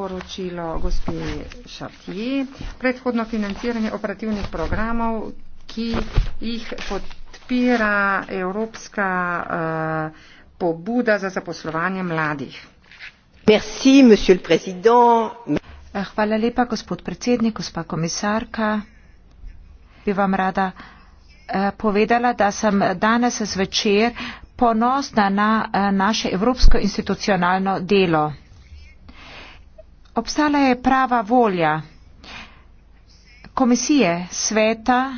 poročilo gospe Šartije. Predhodno financiranje operativnih programov, ki jih podpira Evropska uh, pobuda za zaposlovanje mladih. Merci, eh, Hvala lepa, gospod predsednik, gospa komisarka. Bi vam rada eh, povedala, da sem danes zvečer ponosna na naše evropsko institucionalno delo. Obstala je prava volja komisije sveta.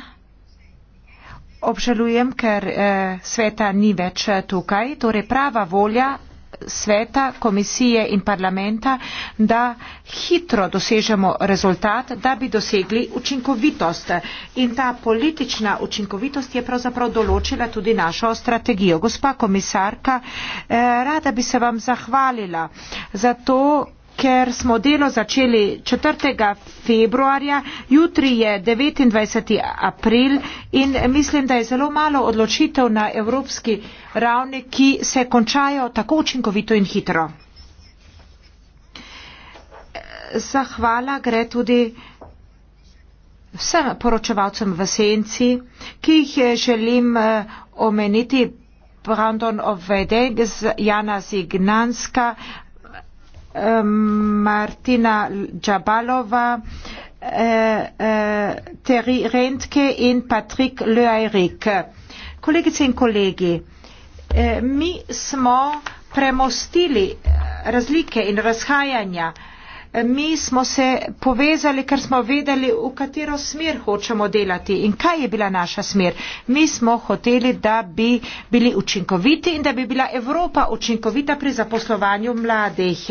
Obžalujem, ker eh, sveta ni več eh, tukaj. Torej prava volja sveta, komisije in parlamenta, da hitro dosežemo rezultat, da bi dosegli učinkovitost. In ta politična učinkovitost je pravzaprav določila tudi našo strategijo. Gospa komisarka, eh, rada bi se vam zahvalila za to, ker smo delo začeli 4. februarja, jutri je 29. april in mislim, da je zelo malo odločitev na evropski ravni, ki se končajo tako učinkovito in hitro. Zahvala gre tudi vsem poročevalcem v senci, ki jih želim eh, omeniti. Brandon Ovedeg, Jana Zignanska, Martina Djabalova, eh, eh, Terry Rentke in Patrick Leairik. Kolegice in kolegi, eh, mi smo premostili razlike in razhajanja. Mi smo se povezali, ker smo vedeli, v katero smer hočemo delati in kaj je bila naša smer. Mi smo hoteli, da bi bili učinkoviti in da bi bila Evropa učinkovita pri zaposlovanju mladih.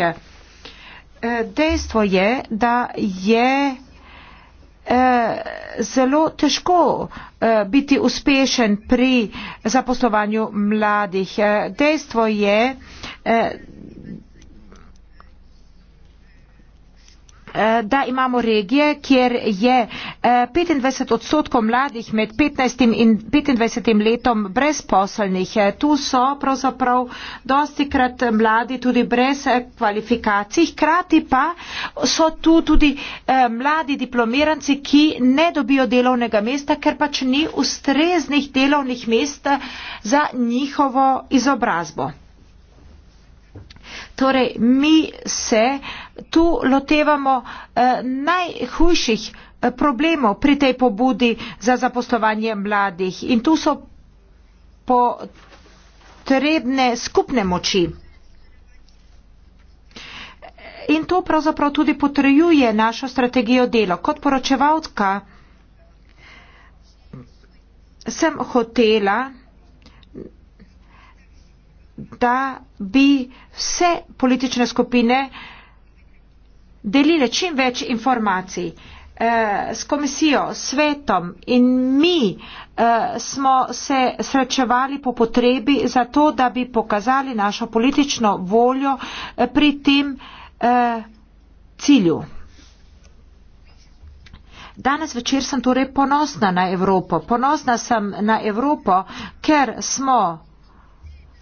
Eh, dejstvo je, da je eh, zelo težko eh, biti uspešen pri zaposlovanju mladih. Dejstvo je, Eh, da imamo regije, kjer je 25 eh, odstotkov mladih med 15 in 25 letom brezposelnih. Eh, tu so pravzaprav dosti krat mladi tudi brez kvalifikacij, hkrati pa so tu tudi mladi diplomiranci, ki ne dobijo delovnega mesta, ker pač ni ustreznih delovnih mest za njihovo izobrazbo. Torej, mi se uh, tu lotevamo eh, najhujših eh, problemov pri tej pobudi za zaposlovanje mladih in tu so potrebne skupne moči. In to pravzaprav tudi potrjuje našo strategijo dela. Kot poročevalka sem hotela, da bi vse politične skupine eh, delile čim več informacij eh, s komisijo, svetom in mi eh, smo se srečevali po potrebi za to, da bi pokazali našo politično voljo eh, pri tem eh, cilju. Danes večer sem torej ponosna na Evropo. Ponosna sem na Evropo, ker smo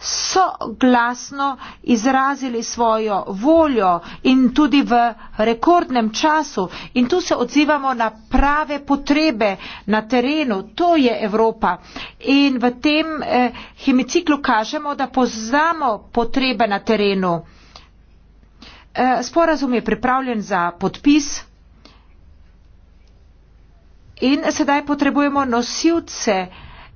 so glasno izrazili svojo voljo in tudi v rekordnem času in tu se odzivamo na prave potrebe na terenu. To je Evropa. In v tem eh, hemiciklu kažemo, da poznamo potrebe na terenu. Eh, sporazum je pripravljen za podpis in sedaj potrebujemo nosilce.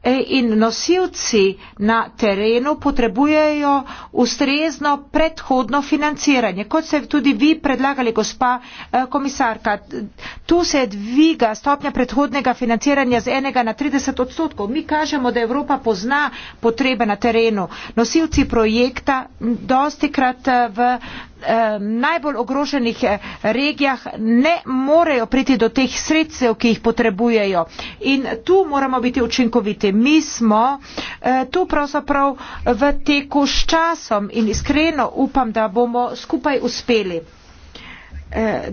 E, in nosilci na terenu potrebujejo ustrezno predhodno financiranje. Kot ste tudi vi predlagali, gospa eh, komisarka, tu se dviga stopnja predhodnega financiranja z enega na 30 odstotkov. Mi kažemo, da Evropa pozna potrebe na terenu. Nosilci projekta dosti krat eh, v Eh, najbolj ogroženih eh, regijah ne morejo priti do teh sredstev, ki jih potrebujejo. In tu moramo biti učinkoviti. Mi smo eh, tu pravzaprav v teku s časom in iskreno upam, da bomo skupaj uspeli.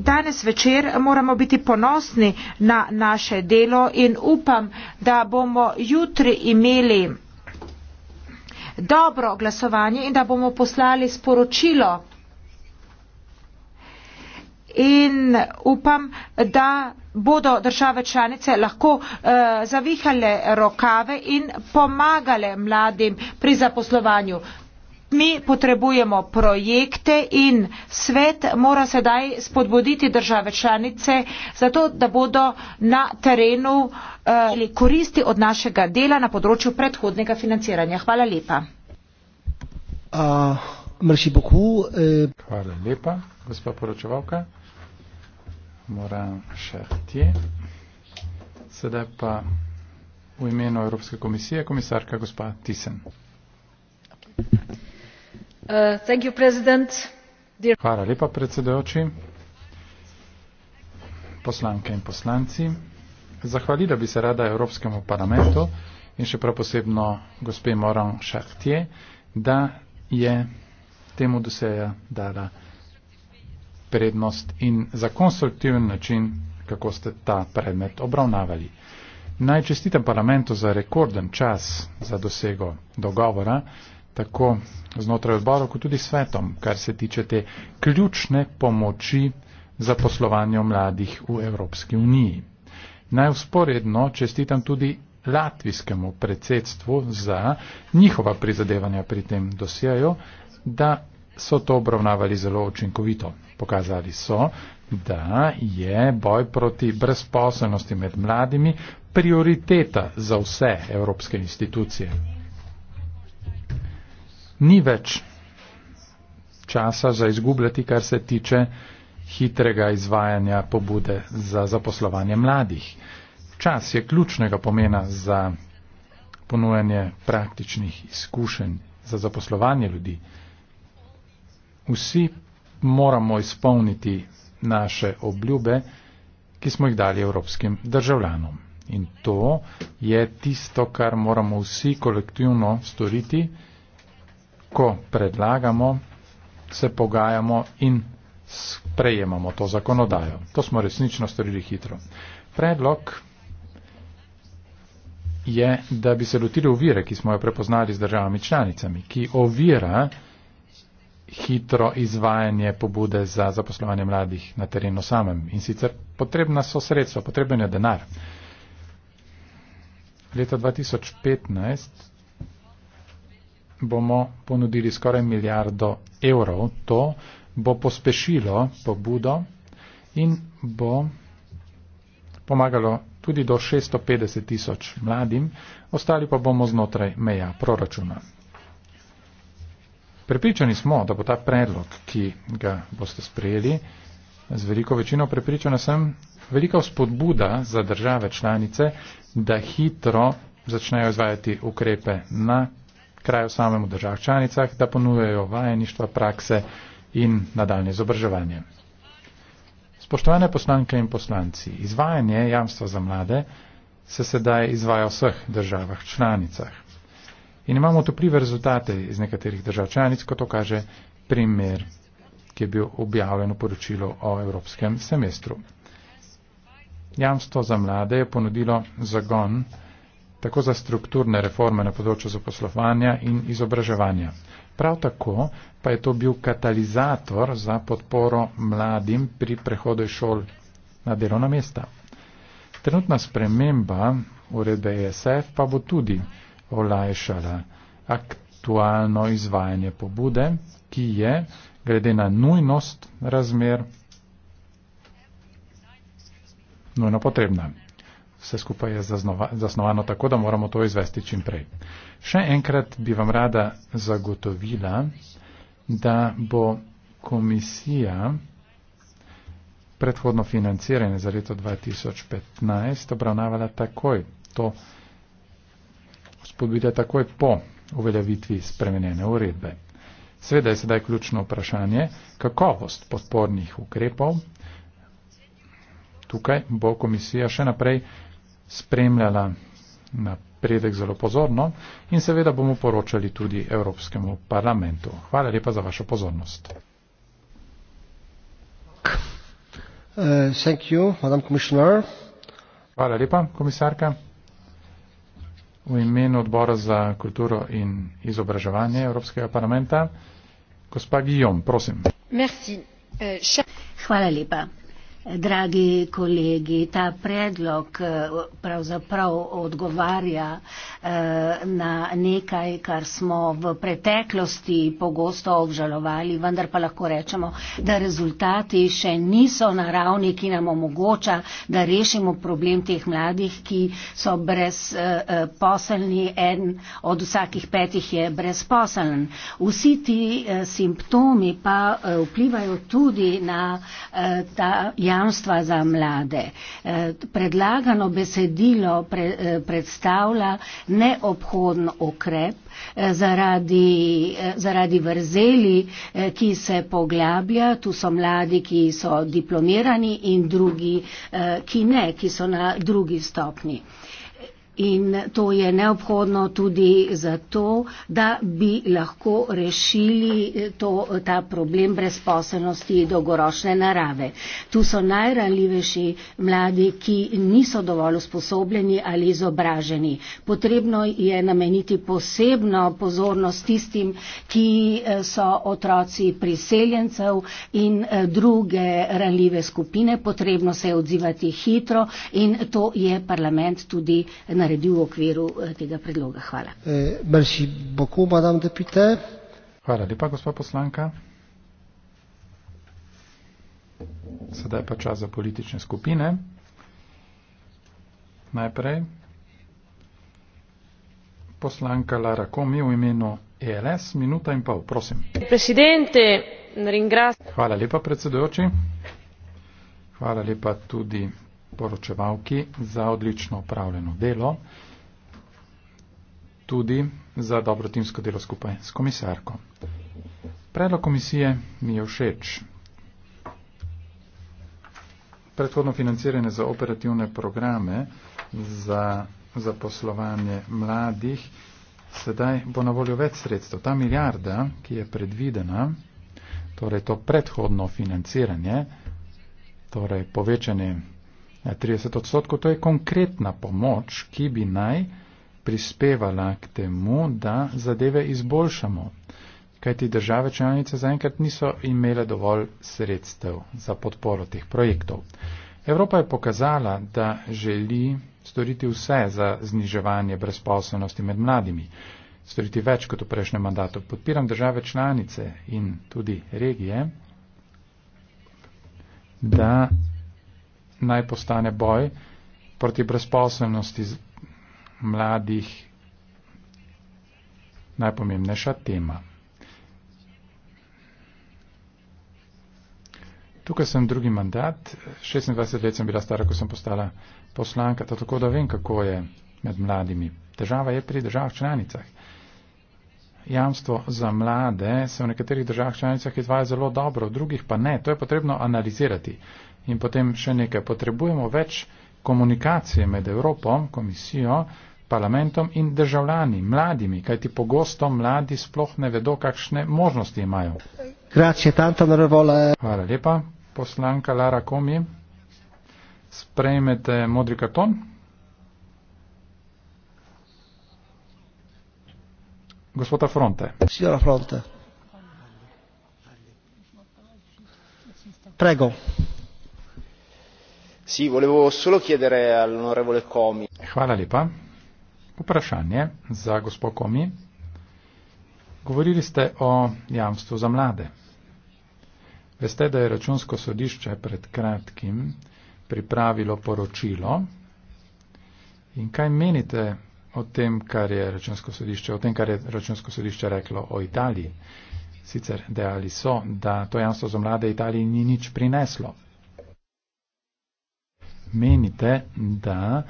Danes večer moramo biti ponosni na naše delo in upam, da bomo jutri imeli dobro glasovanje in da bomo poslali sporočilo in upam, da bodo države članice lahko uh, zavihale rokave in pomagale mladim pri zaposlovanju. Mi potrebujemo projekte in svet mora sedaj spodbuditi države članice, zato da bodo na terenu uh, koristi od našega dela na področju predhodnega financiranja. Hvala lepa. Uh, merci beaucoup, uh... Hvala lepa, gospod poročevalka. Moran Šehtje. Sedaj pa v imenu Evropske komisije, komisarka gospa Tisen. Uh, thank you, Dear... Hvala lepa, predsedojoči, poslanke in poslanci. Zahvalila bi se rada Evropskemu parlamentu in še prav posebno gospe Moran Šehtje, da je temu doseja dala prednost in za konstruktiven način, kako ste ta predmet obravnavali. Najčestitem parlamentu za rekorden čas za dosego dogovora, tako znotraj odborov, kot tudi svetom, kar se tiče te ključne pomoči za poslovanje mladih v Evropski uniji. Naj usporedno čestitam tudi latvijskemu predsedstvu za njihova prizadevanja pri tem dosjeju, da so to obravnavali zelo učinkovito. Pokazali so, da je boj proti brezposobnosti med mladimi prioriteta za vse evropske institucije. Ni več časa za izgubljati, kar se tiče hitrega izvajanja pobude za zaposlovanje mladih. Čas je ključnega pomena za ponujanje praktičnih izkušenj za zaposlovanje ljudi. Vsi moramo izpolniti naše obljube, ki smo jih dali evropskim državljanom. In to je tisto, kar moramo vsi kolektivno storiti, ko predlagamo, se pogajamo in sprejemamo to zakonodajo. To smo resnično storili hitro. Predlog je, da bi se lotili ovire, ki smo jo prepoznali z državami članicami, ki ovira hitro izvajanje pobude za zaposlovanje mladih na terenu samem. In sicer potrebna so sredstva, potreben je denar. Leta 2015 bomo ponudili skoraj milijardo evrov. To bo pospešilo pobudo in bo pomagalo tudi do 650 tisoč mladim, ostali pa bomo znotraj meja proračuna. Prepričani smo, da bo ta predlog, ki ga boste sprejeli, z veliko večino prepričana sem, velika spodbuda za države članice, da hitro začnejo izvajati ukrepe na kraju samemu držav članicah, da ponujejo vajeništva, prakse in nadaljne izobraževanje. Spoštovane poslanke in poslanci, izvajanje jamstva za mlade se sedaj izvaja v vseh državah članicah. In imamo toplive rezultate iz nekaterih držav članic, kot to kaže primer, ki je bil objavljeno poročilo o evropskem semestru. Jamstvo za mlade je ponudilo zagon tako za strukturne reforme na področju zaposlovanja in izobraževanja. Prav tako pa je to bil katalizator za podporo mladim pri prehodu šol na delovna mesta. Trenutna sprememba uredbe ESF pa bo tudi olajšala aktualno izvajanje pobude, ki je glede na nujnost razmer nujno potrebna. Vse skupaj je zasnovano tako, da moramo to izvesti čim prej. Še enkrat bi vam rada zagotovila, da bo komisija predhodno financiranje za leto 2015 obravnavala takoj to spodbude takoj po uveljavitvi spremenjene uredbe. Sveda je sedaj ključno vprašanje, kakovost podpornih ukrepov. Tukaj bo komisija še naprej spremljala napredek zelo pozorno in seveda bomo poročali tudi Evropskemu parlamentu. Hvala lepa za vašo pozornost. Uh, thank you, Madam Commissioner. Hvala lepa, komisarka v imenu odbora za kulturo in izobraževanje Evropskega parlamenta. Gospa Guillaume, prosim. Merci. Euh, Hvala lepa. Dragi kolegi, ta predlog eh, pravzaprav odgovarja eh, na nekaj, kar smo v preteklosti pogosto obžalovali, vendar pa lahko rečemo, da rezultati še niso na ravni, ki nam omogoča, da rešimo problem teh mladih, ki so brezposelni, eh, en od vsakih petih je brezposelen. Vsi ti simptomi pa vplivajo tudi na ta javnost jamstva za mlade. E, predlagano besedilo e, predstavlja neobhoden okrep e, zaradi, zaradi vrzeli, ki se poglablja. Tu so mladi, ki so diplomirani in drugi, ki ne, ki so na drugi stopni. In to je neobhodno tudi zato, da bi lahko rešili to, ta problem brezposelnosti dolgoročne narave. Tu so najranljivejši mladi, ki niso dovolj usposobljeni ali izobraženi. Potrebno je nameniti posebno pozornost tistim, ki eh, so otroci priseljencev in eh, druge ranljive skupine. Potrebno se je odzivati hitro in to je parlament tudi naredil naredil v okviru eh, tega predloga. Hvala. Eh, merci beaucoup, madame Depite. Hvala lepa, gospod poslanka. Sedaj pa čas za politične skupine. Najprej poslanka Lara Komi v imenu ELS, minuta in pol, prosim. Hvala lepa, predsedujoči. Hvala lepa tudi poročevalki za odlično opravljeno delo, tudi za dobro timsko delo skupaj s komisarko. Predlog komisije mi je všeč. Predhodno financiranje za operativne programe za zaposlovanje mladih sedaj bo na voljo več sredstev. Ta milijarda, ki je predvidena, torej to predhodno financiranje, torej povečanje 30 ja, odstotkov, to je konkretna pomoč, ki bi naj prispevala k temu, da zadeve izboljšamo. Kaj ti države članice zaenkrat niso imele dovolj sredstev za podporo teh projektov. Evropa je pokazala, da želi storiti vse za zniževanje brezposobnosti med mladimi, storiti več kot v prejšnjem mandatu. Podpiram države članice in tudi regije, da naj postane boj proti brezposobnosti mladih najpomembnejša tema. Tukaj sem drugi mandat, 26 let sem bila stara, ko sem postala poslanka, tako da vem, kako je med mladimi. Država je pri državah članicah jamstvo za mlade se v nekaterih državah članicah izvaja zelo dobro, v drugih pa ne. To je potrebno analizirati. In potem še nekaj. Potrebujemo več komunikacije med Evropo, komisijo, parlamentom in državljani, mladimi, kajti pogosto mladi sploh ne vedo, kakšne možnosti imajo. Hvala lepa, poslanka Lara Komi. Sprejmete modri karton. gospoda Fronte. Signora Fronte. Prego. Sì, volevo solo chiedere all'onorevole Comi. Hvala lepa. Vprašanje za gospod Comi. Govorili ste o jamstvu za mlade. Veste, da je računsko sodišče pred kratkim pripravilo poročilo. In kaj menite, o tem, kar je računsko sodišče, o tem, kar je računsko sodišče reklo o Italiji. Sicer dejali so, da to jamstvo za mlade Italiji ni nič prineslo. Menite, da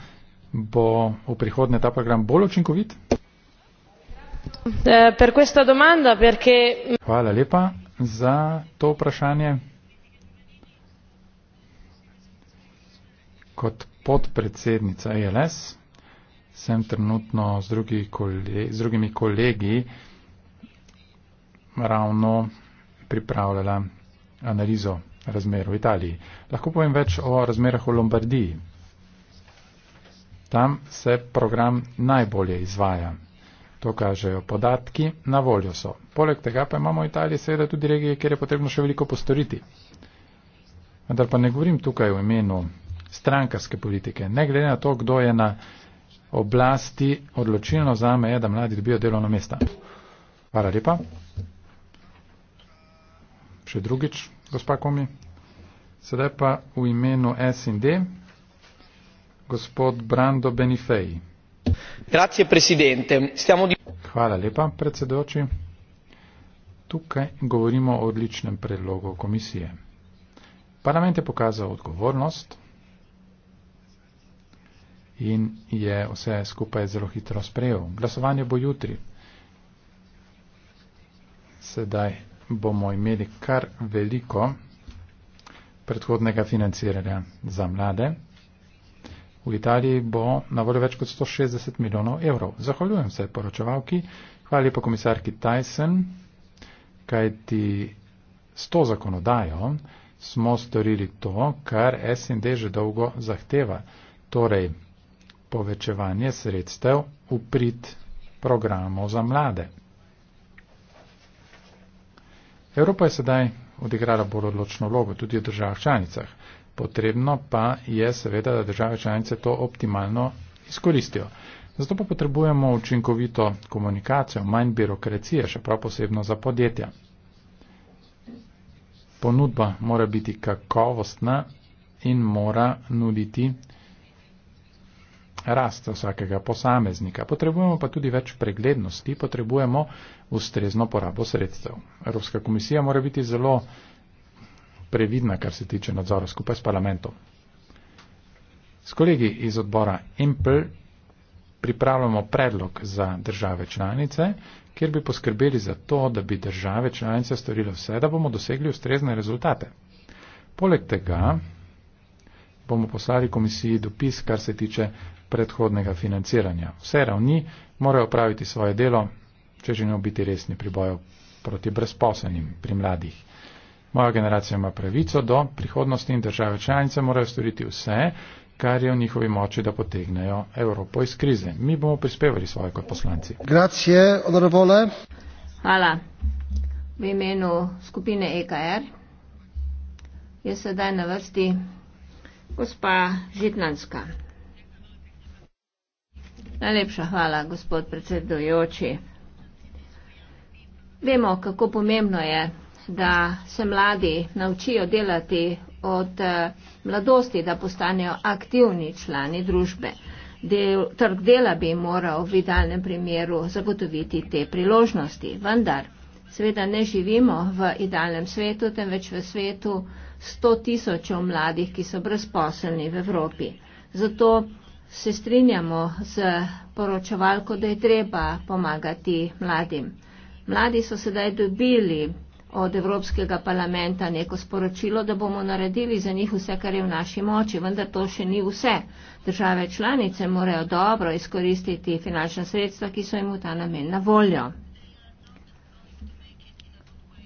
bo v prihodnje ta program bolj učinkovit? Eh, Hvala lepa za to vprašanje. Kot podpredsednica ELS sem trenutno z, drugi kolegi, z drugimi kolegi ravno pripravljala analizo razmer v Italiji. Lahko povem več o razmerah v Lombardiji. Tam se program najbolje izvaja. To kažejo podatki, na voljo so. Poleg tega pa imamo v Italiji seveda tudi regije, kjer je potrebno še veliko postoriti. Vendar pa ne govorim tukaj v imenu strankarske politike. Ne glede na to, kdo je na oblasti odločilno zame je, da mladi dobijo delovno mesta. Hvala lepa. Še drugič, gospa Komi. Sedaj pa v imenu S&D, gospod Brando Benifeji. Grazie, presidente. Stiamo di... Hvala lepa, predsedoči. Tukaj govorimo o odličnem predlogu komisije. Parlament je pokazal odgovornost, in je vse skupaj zelo hitro sprejel. Glasovanje bo jutri. Sedaj bomo imeli kar veliko predhodnega financiranja za mlade. V Italiji bo na voljo več kot 160 milijonov evrov. Zahvaljujem se poročevalki, hvala lepa komisarki Tyson, kajti s to zakonodajo smo storili to, kar SND že dolgo zahteva. Torej, povečevanje sredstev v prid programov za mlade. Evropa je sedaj odigrala bolj odločno vlogo tudi v državah članicah. Potrebno pa je seveda, da države članice to optimalno izkoristijo. Zato pa potrebujemo učinkovito komunikacijo, manj birokracije, še prav posebno za podjetja. Ponudba mora biti kakovostna in mora nuditi rast vsakega posameznika. Potrebujemo pa tudi več preglednosti, potrebujemo ustrezno porabo sredstev. Evropska komisija mora biti zelo previdna, kar se tiče nadzora skupaj s parlamentom. S kolegi iz odbora IMPL pripravljamo predlog za države članice, kjer bi poskrbeli za to, da bi države članice storile vse, da bomo dosegli ustrezne rezultate. Poleg tega bomo poslali komisiji dopis, kar se tiče predhodnega financiranja. Vse ravni morajo praviti svoje delo, če želimo biti resni pri boju proti brezposlenim, pri mladih. Moja generacija ima pravico do prihodnosti in države članice morajo storiti vse, kar je v njihovi moči, da potegnejo Evropo iz krize. Mi bomo prispevali svoje kot poslanci. Grazie, odrevole. Hvala. V imenu skupine EKR je sedaj na vrsti gospa Žitnanska. Najlepša hvala, gospod predsedujoči. Vemo, kako pomembno je, da se mladi naučijo delati od eh, mladosti, da postanejo aktivni člani družbe. Del, trg dela bi moral v idealnem primeru zagotoviti te priložnosti. Vendar, seveda ne živimo v idealnem svetu, temveč v svetu 100 tisočev mladih, ki so brezposelni v Evropi. Zato se strinjamo z poročevalko, da je treba pomagati mladim. Mladi so sedaj dobili od Evropskega parlamenta neko sporočilo, da bomo naredili za njih vse, kar je v naši moči, vendar to še ni vse. Države članice morajo dobro izkoristiti finančna sredstva, ki so jim v ta namen na voljo.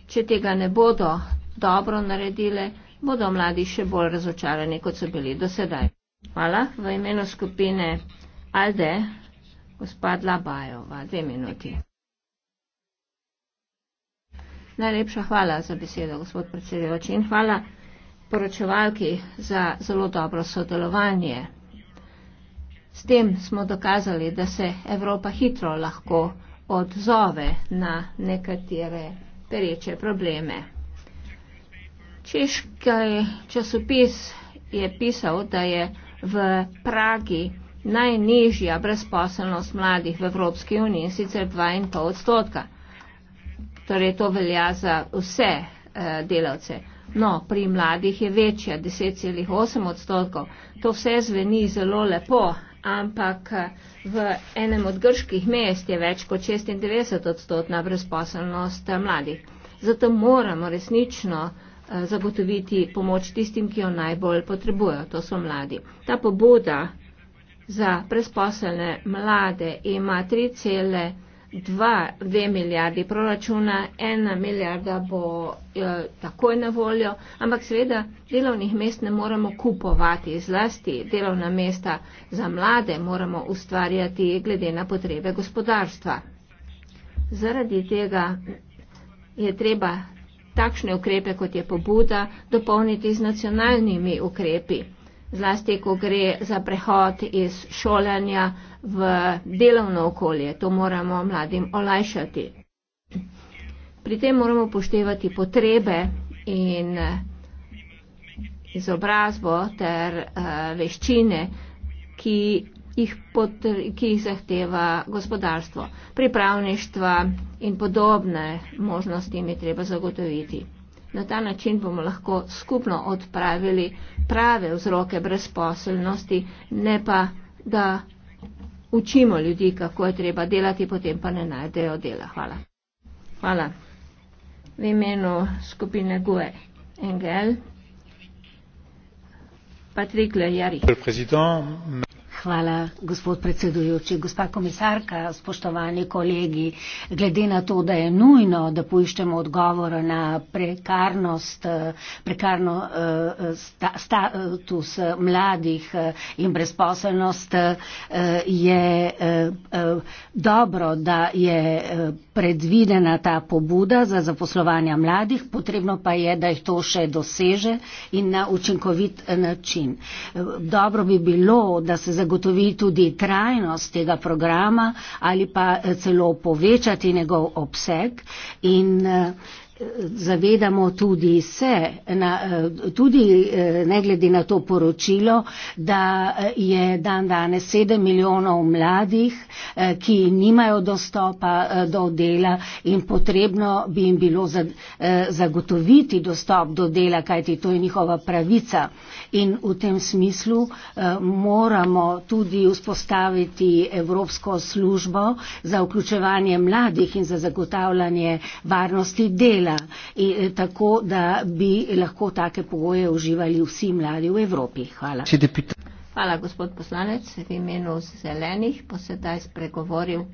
Če tega ne bodo dobro naredile, bodo mladi še bolj razočarani, kot so bili do sedaj. Hvala. V imenu skupine Alde, gospod Labajova, dve minuti. Najlepša hvala za besedo, gospod predsedujoči, in hvala poročevalki za zelo dobro sodelovanje. S tem smo dokazali, da se Evropa hitro lahko odzove na nekatere pereče probleme. Češki časopis je pisal, da je v Pragi najnižja brezposelnost mladih v Evropski uniji, sicer 2,5 odstotka. Torej, to velja za vse eh, delavce. No, pri mladih je večja, 10,8 odstotkov. To vse zveni zelo lepo, ampak eh, v enem od grških mest je več kot 96 odstotna brezposelnost eh, mladih. Zato moramo resnično eh, Eh, zagotoviti pomoč tistim, ki jo najbolj potrebujejo, to so mladi. Ta pobuda za presposelne mlade ima 3,2 milijardi proračuna, ena milijarda bo jo, eh, takoj na voljo, ampak seveda delovnih mest ne moramo kupovati, zlasti delovna mesta za mlade moramo ustvarjati glede na potrebe gospodarstva. Zaradi tega je treba takšne ukrepe, kot je pobuda, dopolniti z nacionalnimi ukrepi. Zlasti, ko gre za prehod iz šolanja v delovno okolje, to moramo mladim olajšati. Pri tem moramo poštevati potrebe in eh, izobrazbo ter eh, veščine, ki jih potr, ki jih zahteva gospodarstvo. Pripravništva in podobne možnosti jim je treba zagotoviti. Na ta način bomo lahko skupno odpravili prave vzroke brezposelnosti, ne pa da učimo ljudi, kako je treba delati, potem pa ne najdejo dela. Hvala. Hvala. V imenu skupine GUE Engel. Patrick Le Jari. Hvala, gospod predsedujoči. Gospa komisarka, spoštovani kolegi, glede na to, da je nujno, da poiščemo odgovore na prekarnost, prekarno eh, status eh, mladih eh, in brezposelnost, je dobro, da je predvidena ta pobuda za zaposlovanje mladih, potrebno pa je, da jih to še doseže in na učinkovit način. Dobro bi bilo, da se zagotovi, zagotovi tudi trajnost tega programa ali pa eh, celo povečati njegov obseg in uh, Zavedamo tudi se, na, eh, tudi eh, ne glede na to poročilo, da eh, je dan danes sedem milijonov mladih, ki nimajo dostopa do dela in potrebno bi jim bilo zagotoviti dostop do dela, kajti to je njihova pravica. In v tem smislu moramo tudi vzpostaviti Evropsko službo za vključevanje mladih in za zagotavljanje varnosti dela dela, in, eh, tako da bi lahko take pogoje uživali vsi mladi v Evropi. Hvala. Hvala, gospod poslanec, v imenu zelenih bo sedaj spregovoril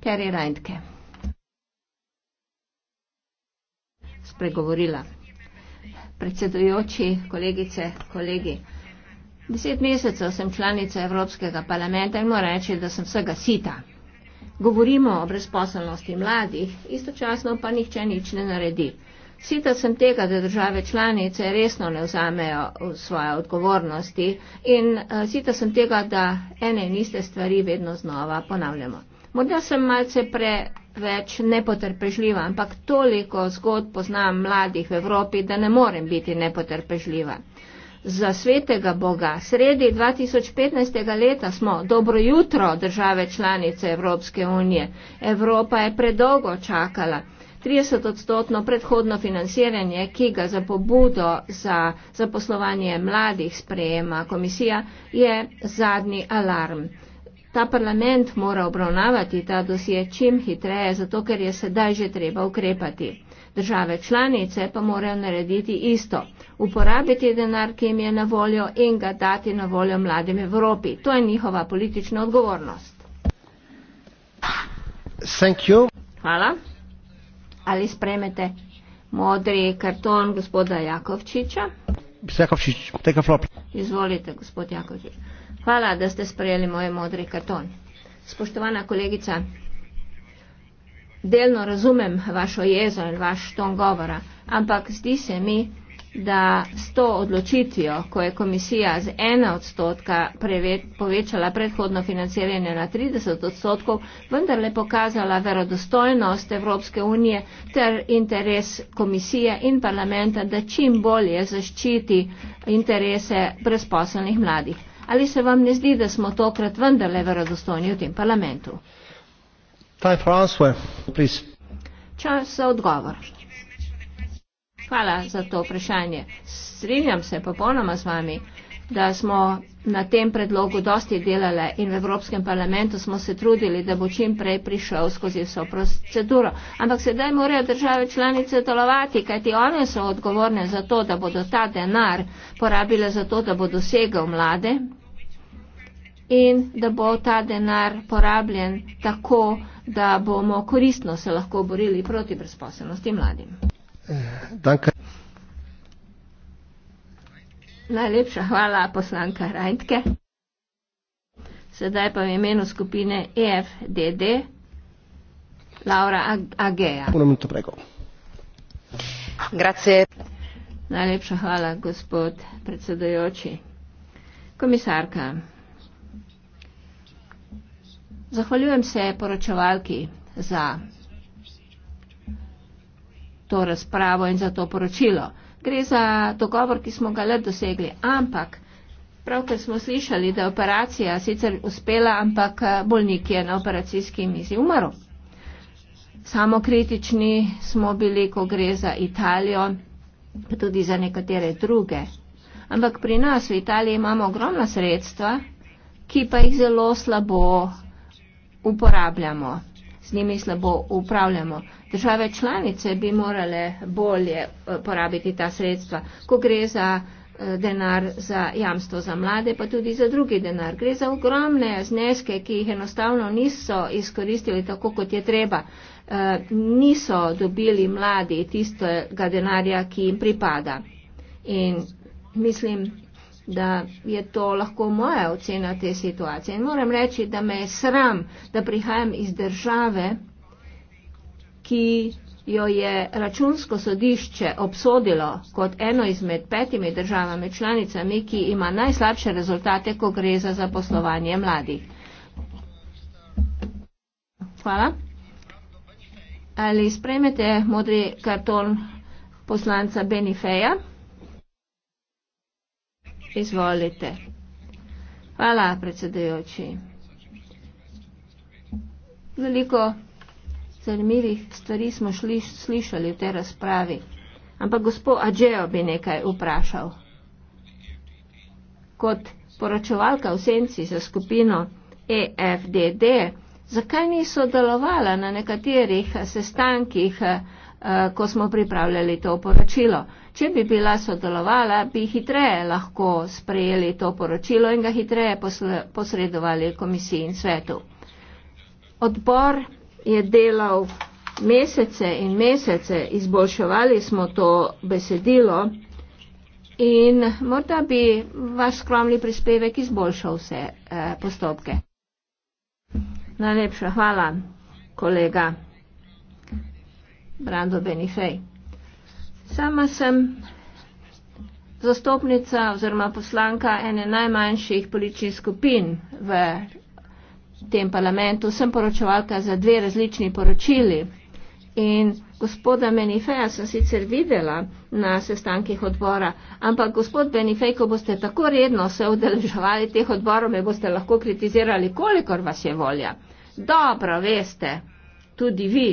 Kerry Reintke. Spregovorila. Predsedujoči, kolegice, kolegi. Deset mesecev sem članica Evropskega parlamenta in moram reči, da sem vsega sita govorimo o brezposelnosti mladih, istočasno pa nihče nič ne naredi. Sita sem tega, da države članice resno ne vzamejo svoje odgovornosti in eh, sita sem tega, da ene in iste stvari vedno znova ponavljamo. Morda sem malce preveč nepotrpežljiva, ampak toliko zgodb poznam mladih v Evropi, da ne morem biti nepotrpežljiva za svetega Boga. Sredi 2015. leta smo dobro jutro države članice Evropske unije. Evropa je predolgo čakala. 30 odstotno predhodno financiranje, ki ga za pobudo za zaposlovanje mladih sprejema komisija, je zadnji alarm. Ta parlament mora obravnavati ta dosje čim hitreje, zato ker je sedaj že treba ukrepati. Države članice pa morajo narediti isto. Uporabiti denar, ki jim je na voljo in ga dati na voljo mladim Evropi. To je njihova politična odgovornost. Hvala. Ali spremete modri karton gospoda Jakovčiča? Jakovčič, teka flop. Izvolite, gospod Jakovčič. Hvala, da ste sprejeli moj modri karton. Spoštovana kolegica, delno razumem vašo jezo in vaš ton govora, ampak zdi se mi, da s to odločitvijo, ko je komisija z ena odstotka povečala predhodno financiranje na 30 odstotkov, vendarle pokazala verodostojnost Evropske unije ter interes komisije in parlamenta, da čim bolje zaščiti interese brezposelnih mladih. Ali se vam ne zdi, da smo tokrat vendarle verodostojni v tem parlamentu? Time for answer, please. Čas za odgovor. Hvala za to vprašanje. Strinjam se popolnoma z vami, da smo na tem predlogu dosti delali in v Evropskem parlamentu smo se trudili, da bo čim prej prišel skozi vso proceduro. Ampak sedaj morajo države članice delovati, kajti one so odgovorne za to, da bodo ta denar porabile za to, da bo dosegel mlade, in da bo ta denar porabljen tako, da bomo koristno se lahko borili proti brezposelnosti mladim. Danke. Najlepša hvala, poslanka Rajtke. Sedaj pa v imenu skupine EFDD, Laura Ageja. Najlepša hvala, gospod predsedojoči. Komisarka, Zahvaljujem se poročevalki za to razpravo in za to poročilo. Gre za dogovor, ki smo ga le dosegli, ampak pravkar smo slišali, da je operacija sicer uspela, ampak eh, bolnik je na operacijski mizi umrl. Samo kritični smo bili, ko gre za Italijo, pa tudi za nekatere druge. Ampak pri nas v Italiji imamo ogromna sredstva, ki pa jih zelo slabo uporabljamo, s njimi slabo upravljamo. Države članice bi morale bolje eh, porabiti ta sredstva, ko gre za eh, denar za jamstvo za mlade, pa tudi za drugi denar. Gre za ogromne zneske, ki jih enostavno niso izkoristili tako, kot je treba. E, niso dobili mladi tistega denarja, ki jim pripada. In mislim, da je to lahko moja ocena te situacije. In moram reči, da me je sram, da prihajam iz države, ki jo je računsko sodišče obsodilo kot eno izmed petimi državami članicami, ki ima najslabše rezultate, ko gre za zaposlovanje mladih. Hvala. Ali spremete modri karton poslanca Benifeja? Izvolite. Hvala, predsedujoči. Veliko zanimivih stvari smo šli, slišali v tej razpravi, ampak gospod Adžejo bi nekaj vprašal. Kot poročevalka v senci za skupino EFDD, zakaj niso delovala na nekaterih sestankih, Eh, ko smo pripravljali to poročilo. Če bi bila sodelovala, bi hitreje lahko sprejeli to poročilo in ga hitreje posredovali komisiji in svetu. Odbor je delal mesece in mesece, izboljševali smo to besedilo in morda bi vaš skromni prispevek izboljšal vse eh, postopke. Najlepša hvala, kolega. Brando Benifej. Sama sem zastopnica oziroma poslanka ene najmanjših političnih skupin v tem parlamentu. Sem poročevalka za dve različni poročili. In gospoda Benifeja sem sicer videla na sestankih odbora, ampak gospod Benifej, ko boste tako redno se udeleževali teh odborov, me boste lahko kritizirali, kolikor vas je volja. Dobro, veste, tudi vi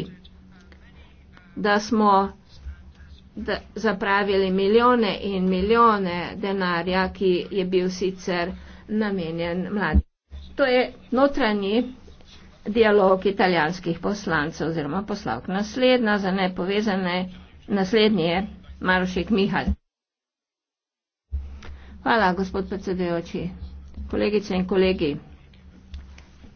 da smo zapravili milijone in milijone denarja, ki je bil sicer namenjen mladim. To je notranji dialog italijanskih poslancev oziroma poslavk. Naslednja za nepovezane, naslednji je Marošek Mihal. Hvala, gospod predsedujoči. Kolegice in kolegi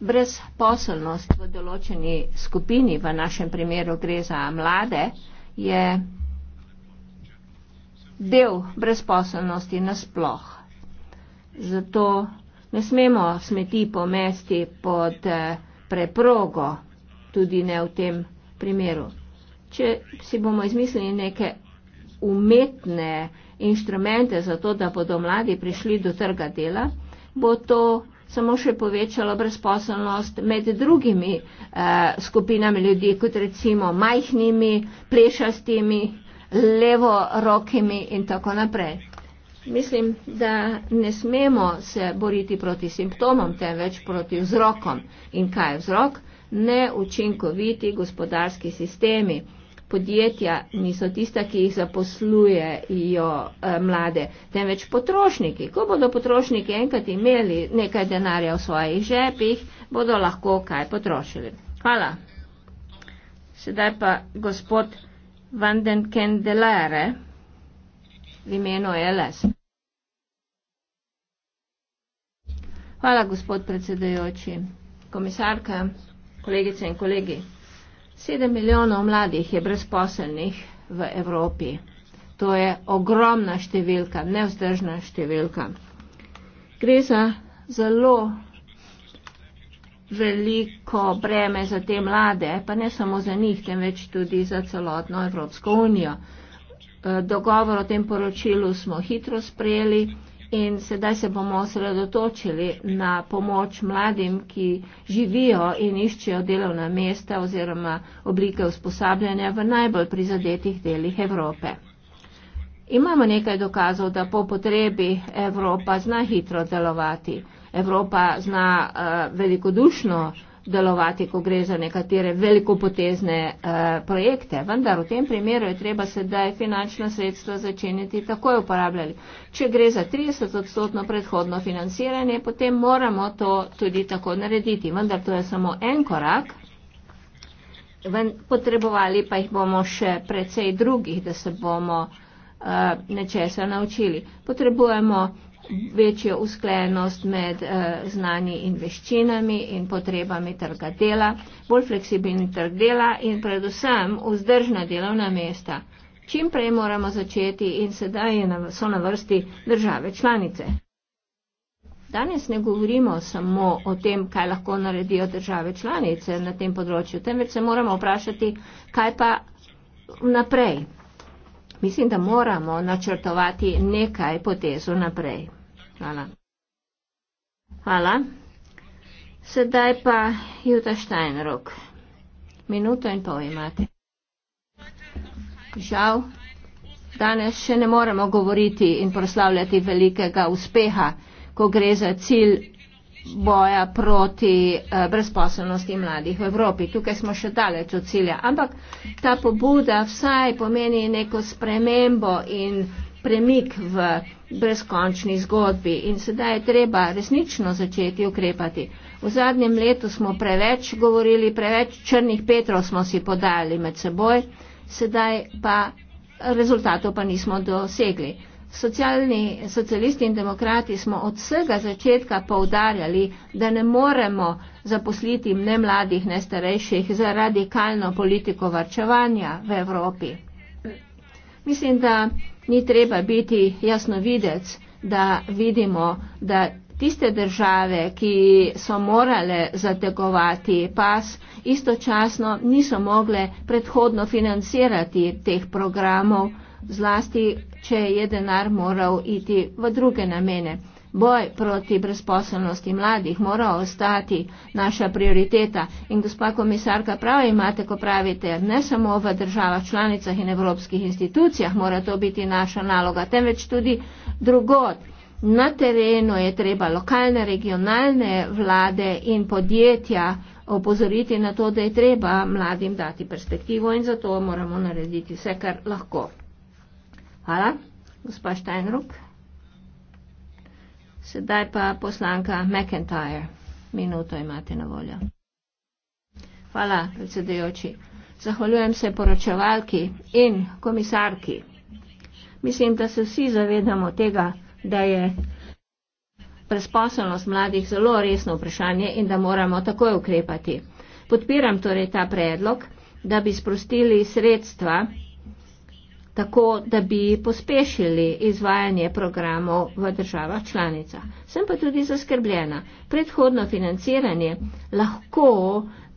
brezposelnost v določeni skupini, v našem primeru gre za mlade, je del brezposelnosti nasploh. Zato ne smemo smeti pomesti pod eh, preprogo, tudi ne v tem primeru. Če si bomo izmislili neke umetne inštrumente za to, da bodo mladi prišli do trga dela, bo to samo še povečalo brezposobnost med drugimi eh, skupinami ljudi, kot recimo majhnimi, plešastimi, levo rokimi in tako naprej. Mislim, da ne smemo se boriti proti simptomom, temveč proti vzrokom. In kaj je vzrok? Neučinkoviti gospodarski sistemi podjetja niso tista, ki jih zaposlujejo eh, mlade, temveč potrošniki. Ko bodo potrošniki enkrat imeli nekaj denarja v svojih žepih, bodo lahko kaj potrošili. Hvala. Sedaj pa gospod Vanden Kendelare v imenu LS. Hvala, gospod predsedajoči, komisarka, kolegice in kolegi. Sedem milijonov mladih je brezposelnih v Evropi. To je ogromna številka, nevzdržna številka. Gre za zelo veliko breme za te mlade, pa ne samo za njih, temveč tudi za celotno Evropsko unijo. E, dogovor o tem poročilu smo hitro sprejeli. In sedaj se bomo osredotočili na pomoč mladim, ki živijo in iščejo delovna mesta oziroma oblike usposabljanja v najbolj prizadetih delih Evrope. Imamo nekaj dokazov, da po potrebi Evropa zna hitro delovati. Evropa zna uh, velikodušno uh, delovati, ko gre za nekatere velikopotezne eh, projekte. Vendar v tem primeru je treba sedaj finančna sredstva začeniti takoj uporabljati. Če gre za 30 odstotno predhodno financiranje, potem moramo to tudi tako narediti. Vendar to je samo en korak. Ven, potrebovali pa jih bomo še precej drugih, da se bomo eh, nečesa naučili. Potrebujemo večjo usklajenost med eh, znanji in veščinami in potrebami trga dela, bolj fleksibilni trg dela in predvsem vzdržna delovna mesta. Čim prej moramo začeti in sedaj na, so na vrsti države članice. Danes ne govorimo samo o tem, kaj lahko naredijo države članice na tem področju, temveč se moramo vprašati, kaj pa naprej. Mislim, da moramo načrtovati nekaj potezu naprej. Hvala. Hvala. Sedaj pa Juta Steinrock. Minuto in pol imate. Žal, danes še ne moremo govoriti in proslavljati velikega uspeha, ko gre za cilj boja proti eh, brezposobnosti mladih v Evropi. Tukaj smo še daleč od cilja, ampak ta pobuda vsaj pomeni neko spremembo in premik v brezkončni zgodbi in sedaj je treba resnično začeti ukrepati. V zadnjem letu smo preveč govorili, preveč črnih petrov smo si podajali med seboj, sedaj pa rezultatov pa nismo dosegli socialni, socialisti in demokrati smo od vsega začetka povdarjali, da ne moremo zaposliti ne mladih, ne starejših za radikalno politiko varčevanja v Evropi. Mislim, da ni treba biti jasnovidec, da vidimo, da tiste države, ki so morale zategovati pas, istočasno niso mogle predhodno financirati teh programov, zlasti če je denar moral iti v druge namene. Boj proti brezposelnosti mladih mora ostati naša prioriteta. In gospa komisarka, prav imate, ko pravite, ne samo v državah članicah in evropskih institucijah mora to biti naša naloga, temveč tudi drugod. Na terenu je treba lokalne, regionalne vlade in podjetja opozoriti na to, da je treba mladim dati perspektivo in zato moramo narediti vse, kar lahko. Hvala, gospa Steinruck. Sedaj pa poslanka McIntyre. Minuto imate na voljo. Hvala, predsedujoči. Zahvaljujem se poročevalki in komisarki. Mislim, da se vsi zavedamo tega, da je presposobnost mladih zelo resno vprašanje in da moramo takoj ukrepati. Podpiram torej ta predlog, da bi sprostili sredstva tako da bi pospešili izvajanje programov v državah članicah. Sem pa tudi zaskrbljena. Predhodno financiranje lahko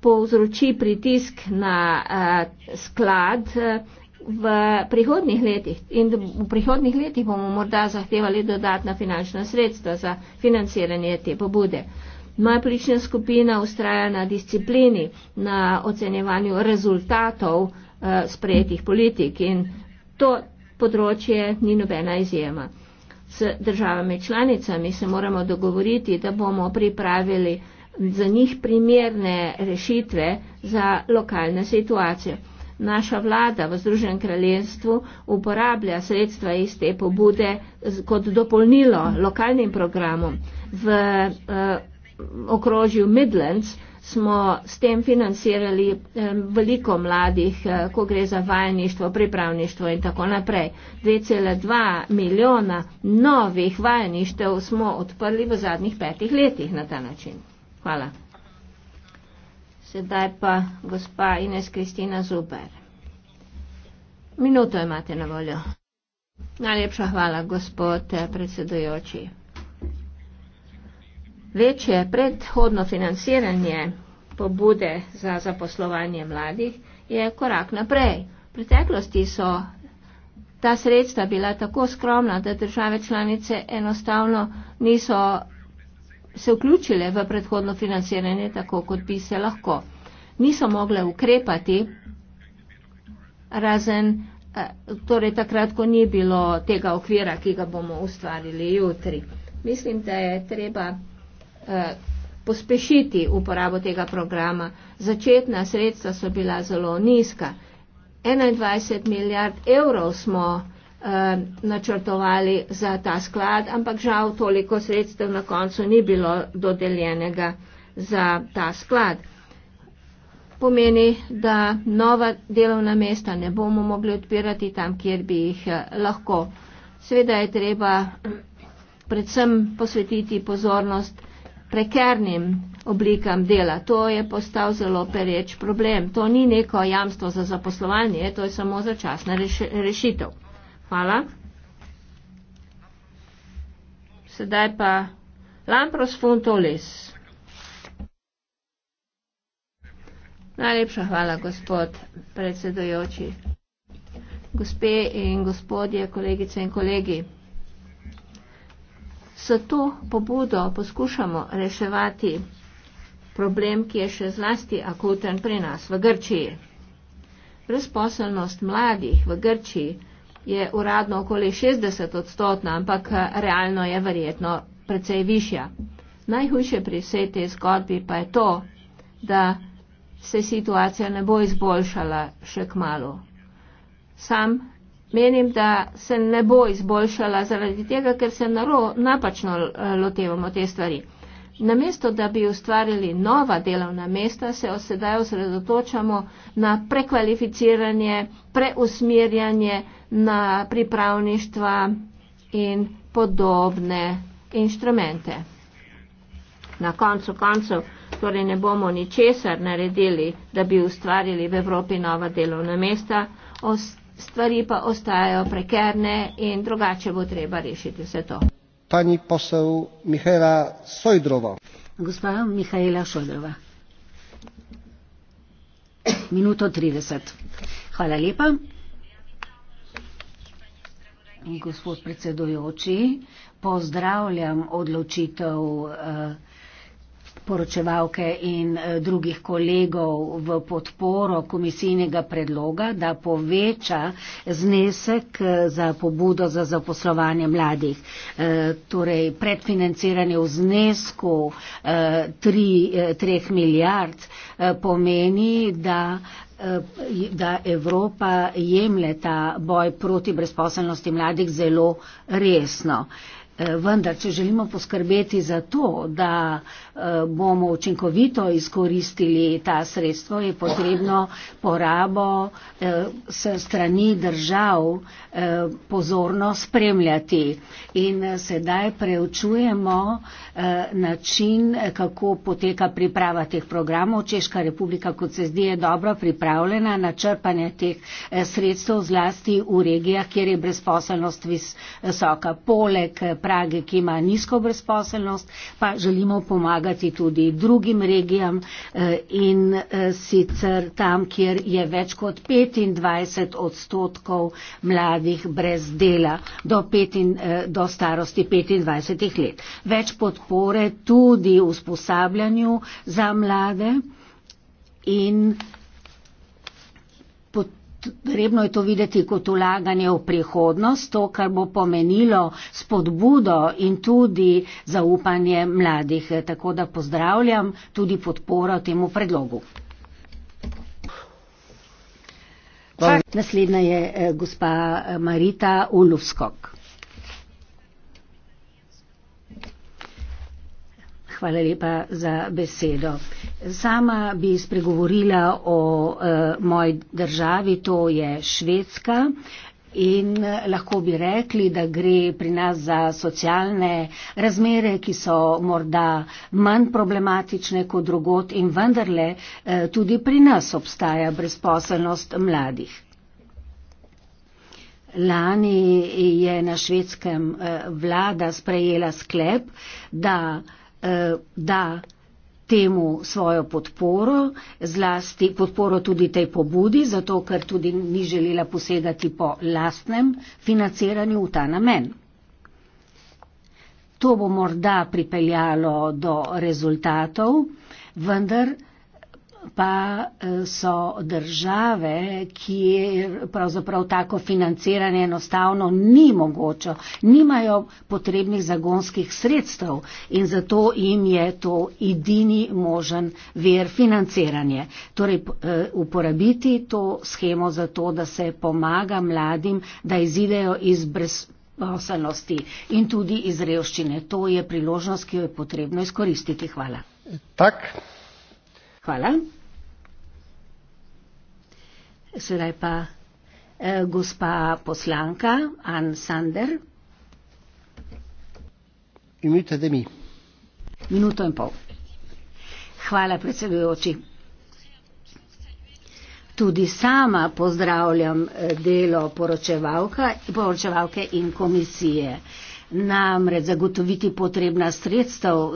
povzroči pritisk na uh, sklad eh, v prihodnih letih in v prihodnih letih bomo morda zahtevali dodatna finančna sredstva za financiranje te pobude. Moja politična skupina ustraja na disciplini, na ocenjevanju rezultatov uh, sprejetih politik in To področje ni nobena izjema. S državami članicami se moramo dogovoriti, da bomo pripravili za njih primerne rešitve za lokalne situacije. Naša vlada v Združenem kraljestvu uporablja sredstva iz te pobude kot dopolnilo lokalnim programom. V eh, okrožju Midlands eh, smo s tem financirali veliko mladih, eh, ko gre za vajeništvo, pripravništvo in tako naprej. 2,2 milijona novih vajeništev smo odprli v zadnjih petih letih na ta način. Hvala. Sedaj pa gospa Ines Kristina Zuber. Minuto imate na voljo. Najlepša hvala, gospod eh, predsedujoči večje predhodno financiranje pobude za zaposlovanje mladih je korak naprej. V preteklosti so ta sredstva bila tako skromna, da države članice enostavno niso se vključile v predhodno financiranje tako, kot bi se lahko. Niso mogle ukrepati, razen eh, torej takrat, ko ni bilo tega okvira, ki ga bomo ustvarili jutri. Mislim, da je treba Eh, pospešiti uporabo tega programa. Začetna sredstva so bila zelo nizka. 21 milijard evrov smo eh, načrtovali za ta sklad, ampak žal toliko sredstev na koncu ni bilo dodeljenega za ta sklad. Pomeni, da nova delovna mesta ne bomo mogli odpirati tam, kjer bi jih eh, lahko. Sveda je treba predvsem posvetiti pozornost prekernim oblikam dela. To je postal zelo pereč problem. To ni neko jamstvo za zaposlovanje, to je samo začasna reš rešitev. Hvala. Sedaj pa Lampros Funtolis. Najlepša hvala, gospod predsedujoči. Gospe in gospodje, kolegice in kolegi. S to pobudo poskušamo reševati problem, ki je še zlasti akuten pri nas v Grčiji. Razposobnost mladih v Grčiji je uradno okoli 60 odstotna, ampak realno je verjetno precej višja. Najhujše pri vsej tej zgodbi pa je to, da se situacija ne bo izboljšala še k malu. Sam menim, da se ne bo izboljšala zaradi tega, ker se naro, napačno eh, lotevamo te stvari. Namesto, da bi ustvarili nova delovna mesta, se od sedaj osredotočamo na prekvalificiranje, preusmirjanje na pripravništva in podobne inštrumente. Na koncu koncev torej ne bomo ničesar naredili, da bi ustvarili v Evropi nova delovna mesta. Ost stvari pa ostajajo prekerne in drugače bo treba rešiti vse to. Pani posel Mihajla Sojdrova. Gospa Mihajla Sojdrova. Minuto 30. Hvala lepa. Gospod predsedujoči, pozdravljam odločitev. Uh, poročevalke in eh, drugih kolegov v podporo komisijnega predloga, da poveča znesek eh, za pobudo za zaposlovanje mladih. Eh, torej, predfinanciranje v znesku 3 tri, milijard pomeni, da da Evropa jemlje ta boj proti brezposelnosti mladih zelo resno. Uh, Eh, vendar, če želimo poskrbeti za to, da eh, bomo učinkovito izkoristili ta sredstvo, je potrebno porabo eh, se strani držav pozorno spremljati. In sedaj preučujemo način, kako poteka priprava teh programov. Češka republika, kot se zdi, je dobro pripravljena na črpanje teh sredstev zlasti v regijah, kjer je brezposelnost visoka. Poleg Prage, ki ima nizko brezposelnost, pa želimo pomagati tudi drugim regijam eh, in eh, sicer tam, kjer je več kot 25 odstotkov mladih brez dela do, petin, eh, do starosti 25 let. Več podpore tudi usposabljanju za mlade in Vredno je to videti kot ulaganje v prihodnost, to, kar bo pomenilo spodbudo in tudi zaupanje mladih. Tako da pozdravljam tudi podporo temu predlogu. Naslednja je eh, gospa eh, Marita Ulovskog. Hvala lepa za besedo. Sama bi spregovorila o uh, moji državi, to je Švedska. In eh, lahko bi rekli, da gre pri nas za socialne razmere, ki so morda manj problematične kot drugot in vendarle eh, tudi pri nas obstaja brezposelnost mladih. Lani je na švedskem vlada sprejela sklep, da Eh, da temu svojo podporo, zlasti podporo tudi tej pobudi, zato ker tudi ni želela posegati po lastnem financiranju v ta namen. To bo morda pripeljalo do rezultatov, vendar pa eh, so države, kjer pravzaprav tako financiranje enostavno ni mogoče, nimajo potrebnih zagonskih sredstev in zato jim je to edini možen ver financiranje. Torej eh, uporabiti to schemo za to, da se pomaga mladim, da izidejo iz brezposelnosti in tudi iz revščine. To je priložnost, ki jo je potrebno izkoristiti. Hvala. Tak. Hvala. Sedaj pa eh, gospa poslanka Ann Sander. Minuto in, mi. Minuto in pol. Hvala predsedujoči. Tudi sama pozdravljam eh, delo poročevalke in komisije. Eh, namreč zagotoviti potrebna sredstev,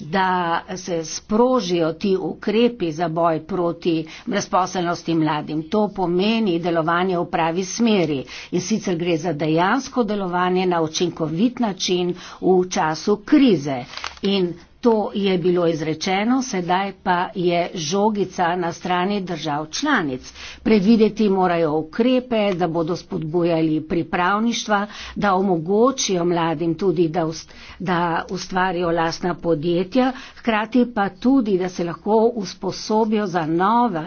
da se sprožijo ti ukrepi za boj proti brezposelnosti mladim. To pomeni delovanje v pravi smeri in sicer gre za dejansko delovanje na učinkovit način v času krize. In To je bilo izrečeno, sedaj pa je žogica na strani držav članic. Predvideti morajo ukrepe, da bodo spodbujali pripravništva, da omogočijo mladim tudi, da, ust, da ustvarijo lasna podjetja, hkrati pa tudi, da se lahko usposobijo za nove,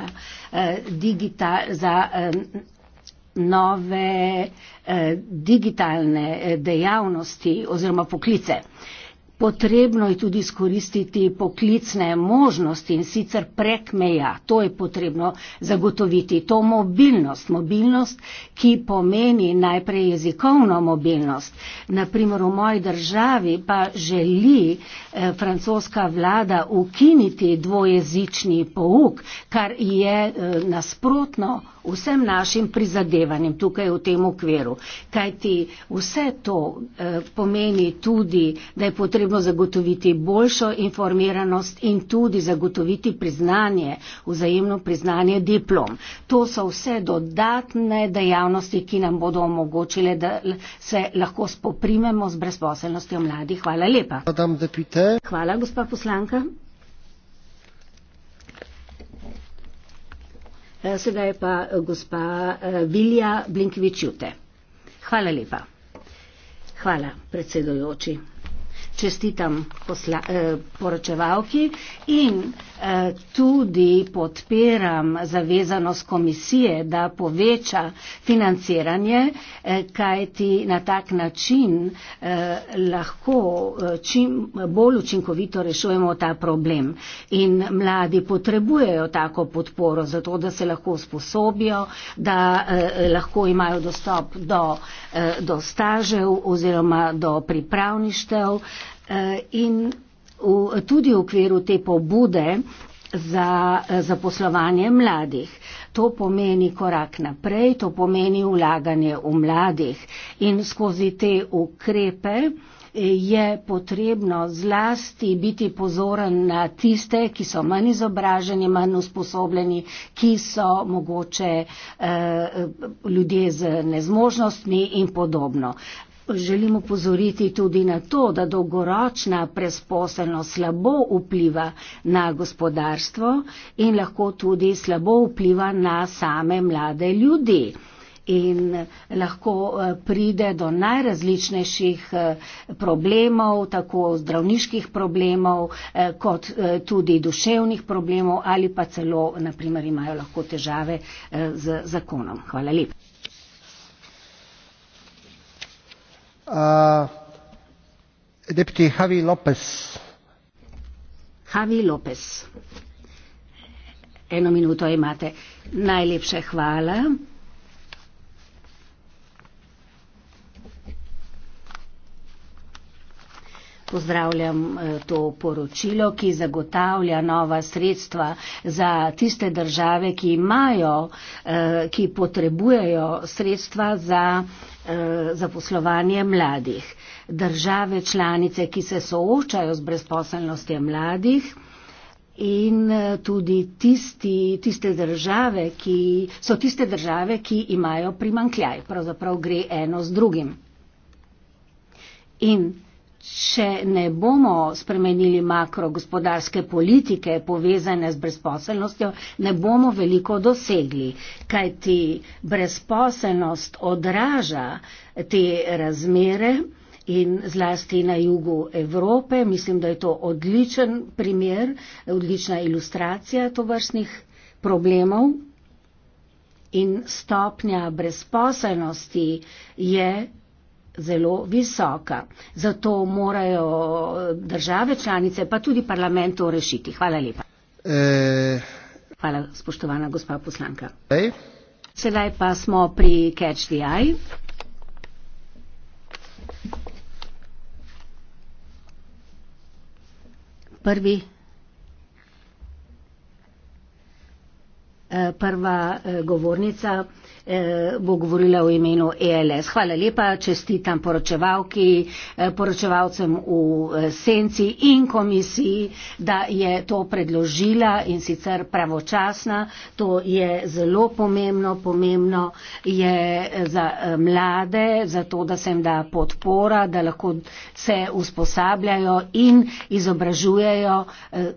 eh, digital, za, eh, nove eh, digitalne eh, dejavnosti oziroma poklice. Eh, Potrebno je tudi skoristiti poklicne možnosti in sicer prek meja. To je potrebno zagotoviti. To mobilnost, mobilnost, ki pomeni najprej jezikovno mobilnost. Naprimer, v moji državi pa želi eh, francoska vlada ukiniti dvojezični pouk, kar je eh, nasprotno vsem našim prizadevanjem tukaj v tem okviru. Kajti vse to eh, pomeni tudi, da je potrebno potrebno zagotoviti boljšo informiranost in tudi zagotoviti priznanje, vzajemno priznanje diplom. To so vse dodatne dejavnosti, ki nam bodo omogočile, da se lahko spoprimemo z brezposelnostjo mladih. Hvala lepa. Hvala, gospa poslanka. Eh, sedaj pa eh, gospa eh, Vilja Blinkvičute. Hvala lepa. Hvala, predsedojoči čestitam posla, eh, poročevalki in eh, tudi podpiram zavezanost komisije, da poveča financiranje, eh, kaj ti na tak način eh, lahko eh, čim bolj učinkovito rešujemo ta problem. In mladi potrebujejo tako podporo, zato da se lahko sposobijo, da eh, lahko imajo dostop do, eh, do stažev oziroma do pripravništev. Eh, in v, tudi v okviru te pobude za eh, zaposlovanje mladih. To pomeni korak naprej, to pomeni ulaganje v mladih in skozi te ukrepe eh, je potrebno zlasti biti pozoren na tiste, ki so manj izobraženi, manj usposobljeni, ki so mogoče eh, ljudje z nezmožnostmi in podobno. Želimo pozoriti tudi na to, da dolgoročna presposelnost slabo vpliva na gospodarstvo in lahko tudi slabo vpliva na same mlade ljudi in eh, lahko eh, pride do najrazličnejših eh, problemov, tako zdravniških problemov, kot tudi duševnih problemov ali pa celo, naprimer, imajo lahko težave z zakonom. Hvala lepa. Uh, Eno minuto imate. Najlepše hvala. Pozdravljam eh, to poročilo, ki zagotavlja nova sredstva za tiste države, ki imajo, eh, ki potrebujejo sredstva za Eh, zaposlovanje mladih. Države članice, ki se soočajo z brezposelnostjo mladih in eh, tudi tisti, tiste države, ki so tiste države, ki imajo primankljaj. Pravzaprav gre eno z drugim. In če ne bomo spremenili makrogospodarske politike povezane z brezposelnostjo, ne bomo veliko dosegli, kajti brezposelnost odraža te razmere. In zlasti na jugu Evrope, mislim, da je to odličen primer, odlična ilustracija tovrstnih problemov. In stopnja brezposelnosti je zelo visoka. Zato morajo države članice, pa tudi parlament to rešiti. Hvala lepa. E... Hvala, spoštovana gospa poslanka. Ej. Sedaj pa smo pri Catch the Eye. Prvi Eh, prva eh, govornica eh, bo govorila v imenu ELS. Hvala lepa, čestitam poročevalki, poročevalcem v Senci in komisiji, da je to predložila in sicer pravočasna. To je zelo pomembno, pomembno je za mlade, zato da se jim da podpora, da lahko se usposabljajo in izobražujejo,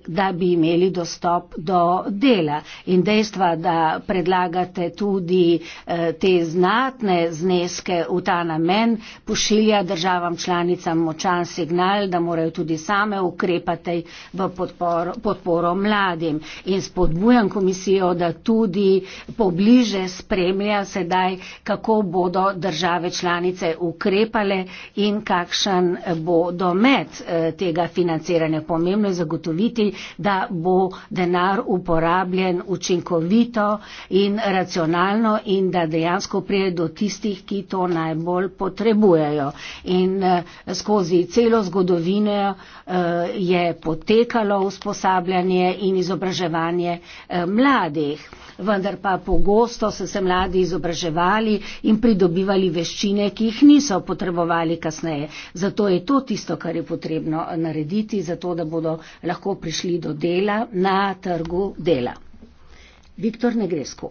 da bi imeli dostop do dela. In dejstva Nova, da predlagate tudi eh, te znatne zneske v ta namen, pošilja državam članicam močan signal, da morajo tudi same ukrepati v podporo, podporo mladim. In spodbujam komisijo, da tudi pobliže spremlja sedaj, kako bodo države članice ukrepale in kakšen bo domet eh, tega financiranja. Pomembno je zagotoviti, da bo denar uporabljen učinkovito učinkovito in racionalno in da dejansko prije do tistih, ki to najbolj potrebujejo. In eh, skozi celo zgodovino eh, je potekalo usposabljanje in izobraževanje eh, mladih. Vendar pa pogosto so se mladi izobraževali in pridobivali veščine, ki jih niso potrebovali kasneje. Zato je to tisto, kar je potrebno narediti, zato da bodo lahko prišli do dela na trgu dela. Viktor Negrescu.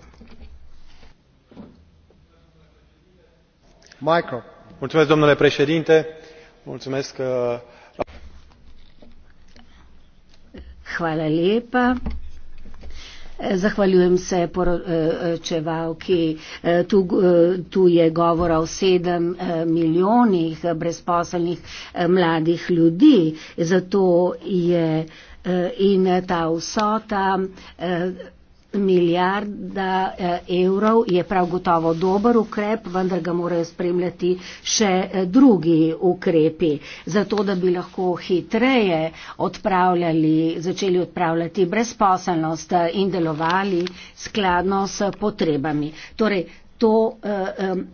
Michael. Mulțumesc, domnule președinte. Mulțumesc. Uh... Hvala lepa. Zahvaljujem se poročevalki. Eh, eh, eh, tu, tu je govora o sedem milijonih brezposelnih mladih ljudi, zato je in ta vsota. Uh, milijarda eh, evrov je prav gotovo dober ukrep, vendar ga morajo spremljati še eh, drugi ukrepi. Zato, da bi lahko hitreje odpravljali, začeli odpravljati brezposelnost eh, in delovali skladno s potrebami. Torej, To,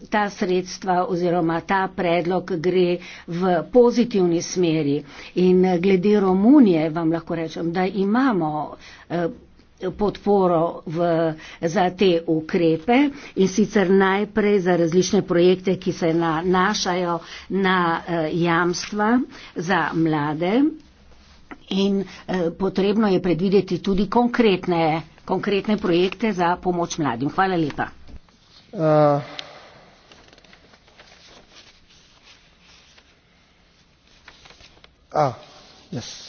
ta sredstva oziroma ta predlog gre v pozitivni smeri. In glede Romunije vam lahko rečem, da imamo podporo v, za te ukrepe in sicer najprej za različne projekte, ki se nanašajo na eh, jamstva za mlade in eh, potrebno je predvideti tudi konkretne, konkretne projekte za pomoč mladim. Hvala lepa. Uh. Ah, yes.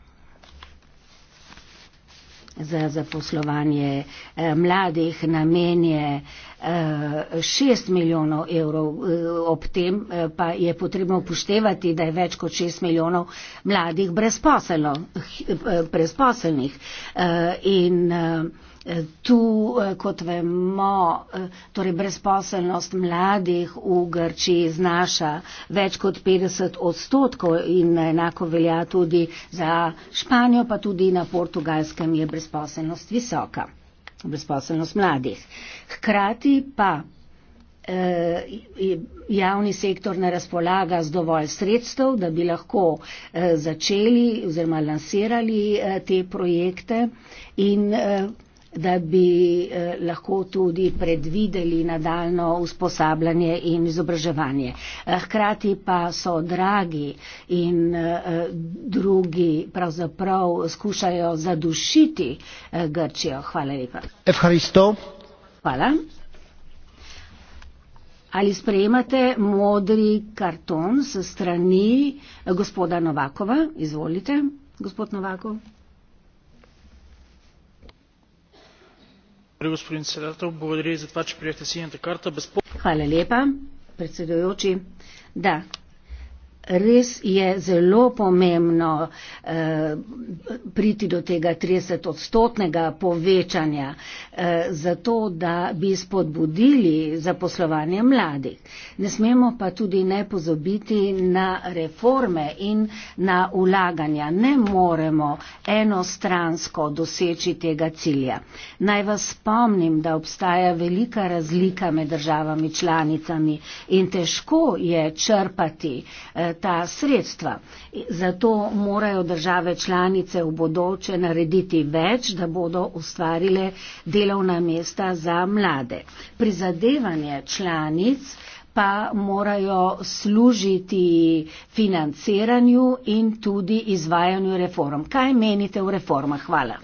za zaposlovanje eh, mladih namen je 6 eh, milijonov evrov. Eh, ob tem pa je potrebno upoštevati, da je več kot 6 milijonov mladih brezposelnih. In, Tu, eh, kot vemo, eh, torej brezposelnost mladih v Grčiji znaša več kot 50 odstotkov in enako velja tudi za Španijo, pa tudi na portugalskem je brezposelnost visoka, brezposelnost mladih. Hkrati pa eh, javni sektor ne razpolaga z dovolj sredstev, da bi lahko začeli oziroma lansirali te projekte in da bi eh, lahko tudi predvideli nadaljno usposabljanje in izobraževanje. Eh, hkrati pa so dragi in eh, drugi pravzaprav skušajo zadušiti Grčijo. Hvala lepa. Evharisto. Hvala. Ali sprejemate modri karton s strani gospoda Novakova? Izvolite, gospod Novakov. predsedujoči da res je da je bil sprejet zakon o spremembah in dopolnitvah zakona o finančnem nadzoru res je zelo pomembno eh, priti do tega 30 odstotnega povečanja, eh, zato da bi spodbudili zaposlovanje mladih. Ne smemo pa tudi ne pozabiti na reforme in na ulaganja. Ne moremo enostransko doseči tega cilja. Naj vas spomnim, da obstaja velika razlika med državami članicami in težko je črpati. Eh, ta sredstva. Zato morajo države članice v bodoče narediti več, da bodo ustvarile delovna mesta za mlade. Prizadevanje članic pa morajo služiti financiranju in tudi izvajanju reform. Kaj menite o reformah? Hvala.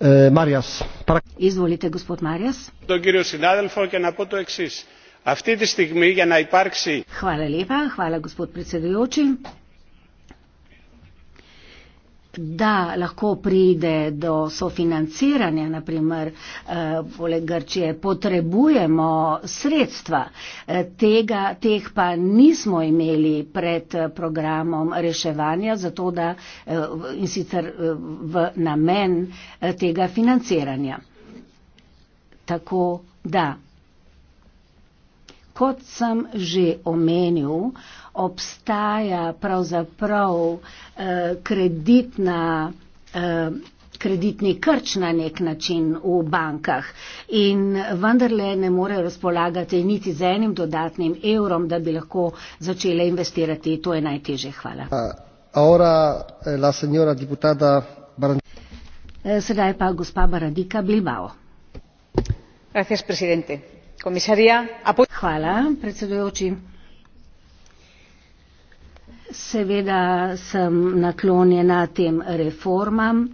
Eh, Marjas, prak... Izvolite, gospod Marjas αυτή τη στιγμή για να υπάρξει. Χαλά λίπα, χαλά κουσπούτ Da, lahko pride do sofinanciranja, naprimer, eh, poleg Grčije potrebujemo sredstva. Eh, tega, teh pa nismo imeli pred eh, programom reševanja, zato da in sicer v namen tega financiranja. Tako da. Kot sem že omenil, obstaja pravzaprav eh, kreditna, eh, kreditni krč na nek način v bankah in vendarle ne more razpolagati niti z enim dodatnim evrom, da bi lahko začele investirati. To je najteže. Hvala. Eh, sedaj pa gospa Baradika Bilbao. Gracias, presidente seveda sem naklonjena tem reformam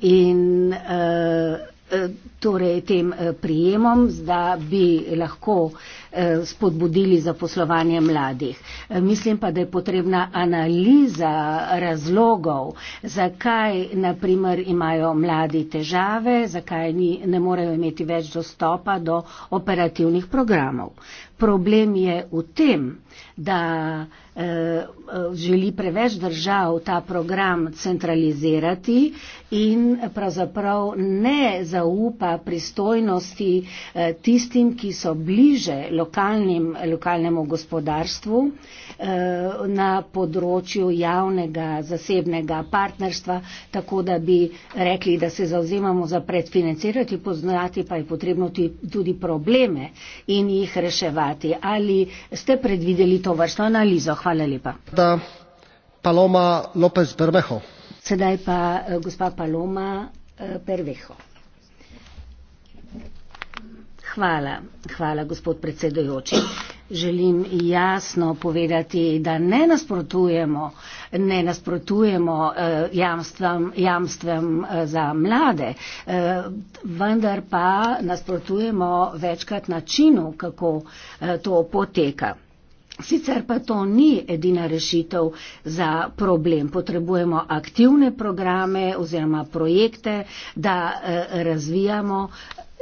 in uh, uh, torej tem eh, prijemom, da bi lahko eh, spodbudili zaposlovanje mladih. Eh, mislim pa, da je potrebna analiza razlogov, zakaj naprimer imajo mladi težave, zakaj ni, ne morejo imeti več dostopa do operativnih programov. Problem je v tem, da želi preveč držav ta program centralizirati in pravzaprav ne zaupa pristojnosti eh, tistim, ki so bliže lokalnim, lokalnemu gospodarstvu eh, na področju javnega, zasebnega partnerstva, tako da bi rekli, da se zauzemamo za predfinancirati, poznati pa je potrebno tudi probleme in jih reševati. Ali ste predvideli to vrstno analizo? Hvala lepa. Da, Paloma López Bermejo. Sedaj pa eh, gospa Paloma Pervejo. Hvala. Hvala, gospod predsedojoči. Želim jasno povedati, da ne nasprotujemo, ne nasprotujemo eh, jamstvem eh, za mlade, eh, vendar pa nasprotujemo večkrat načinu, kako to poteka. Sicer pa to ni edina rešitev za problem. Potrebujemo aktivne programe oziroma projekte, da razvijamo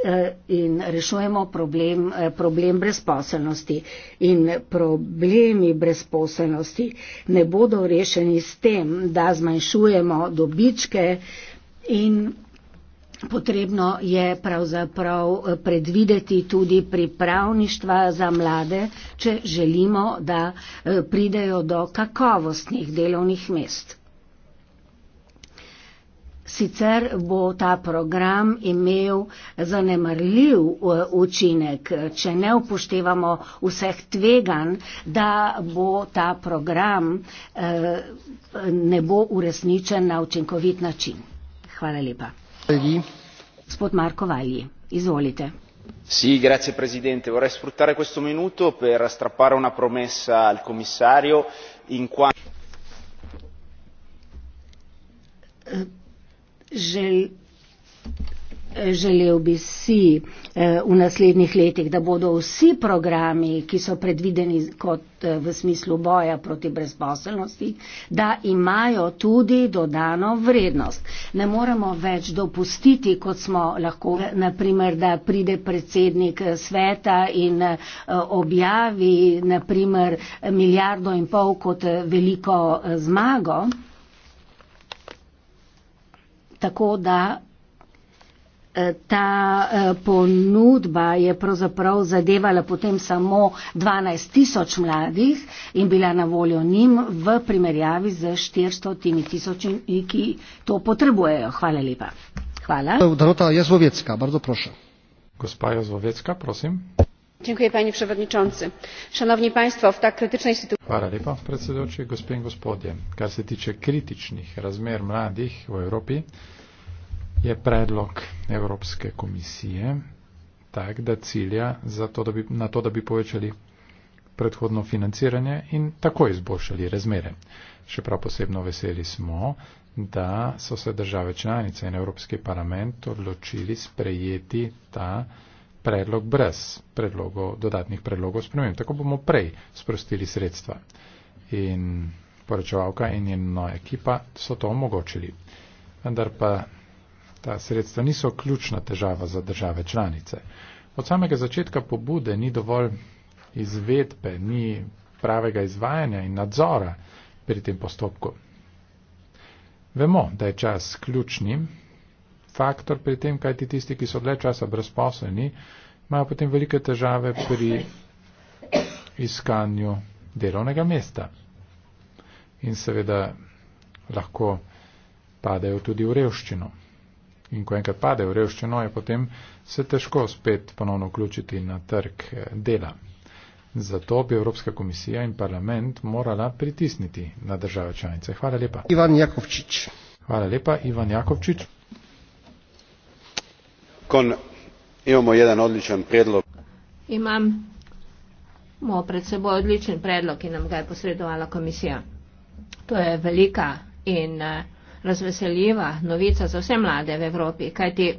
Eh, in rešujemo problem, eh, problem brezposelnosti. In problemi brezposelnosti ne bodo rešeni s tem, da zmanjšujemo dobičke in potrebno je pravzaprav eh, predvideti tudi pripravništva za mlade, če želimo, da pridejo do kakovostnih delovnih mest. Sicer bo ta program imel zanemrljiv e, učinek, če ne upoštevamo vseh tveganj, da bo ta program e, ne bo uresničen na učinkovit način. Hvala lepa. Gospod Marko Valji, izvolite. Sì, grazie Presidente. Vorrei sfruttare questo minuto per strappare una promessa al Commissario in quanto. Uh. Eh, žel, želel bi si eh, v naslednjih letih, da bodo vsi programi, ki so predvideni kot eh, v smislu boja proti brezposelnosti, da imajo tudi dodano vrednost. Ne moremo več dopustiti, kot smo lahko, naprimer, da pride predsednik eh, sveta in objavi, naprimer, milijardo in pol kot veliko zmago tako da eh, ta eh, ponudba je pravzaprav zadevala potem samo 12 tisoč mladih in bila na voljo njim v primerjavi z 400 tisočimi, ki to potrebujejo. Hvala lepa. Hvala. Dorota Jazlovecka, bardzo proszę. Gospa Jazlovecka, prosim. Dziękuję panie przewodniczący. Szanowni państwo, w tak krytycznej sytuacji. Hvala lepa, predsedujoči, gospe in gospodje. Kar se tiče kritičnih razmer mladih v Evropi, je predlog Evropske komisije tak, da cilja za to, da bi, na to, da bi povečali predhodno financiranje in tako izboljšali razmere. Še prav posebno veseli smo, da so se države članice in Evropski parlament odločili sprejeti ta predlog brez predlogo, dodatnih predlogov sprememb. Tako bomo prej sprostili sredstva. In poročevalka in njena ekipa so to omogočili. Vendar pa ta sredstva niso ključna težava za države članice. Od samega začetka pobude ni dovolj izvedbe, ni pravega izvajanja in nadzora pri tem postopku. Vemo, da je čas ključni faktor pri tem, kajti tisti, ki so dlje časa brezposelni, imajo potem velike težave pri iskanju delovnega mesta. In seveda lahko padejo tudi v revščino. In ko enkrat pade v revščino, je potem se težko spet ponovno vključiti na trg eh, dela. Zato bi Evropska komisija in parlament morala pritisniti na države članice. Hvala lepa. Ivan Jakovčič. Hvala lepa, Ivan Jakovčič. Kon, imamo jedan odličan predlog. Imam. Imamo pred seboj odličen predlog, ki nam ga je posredovala komisija. To je velika in uh, razveseljiva novica za vse mlade v Evropi, kajti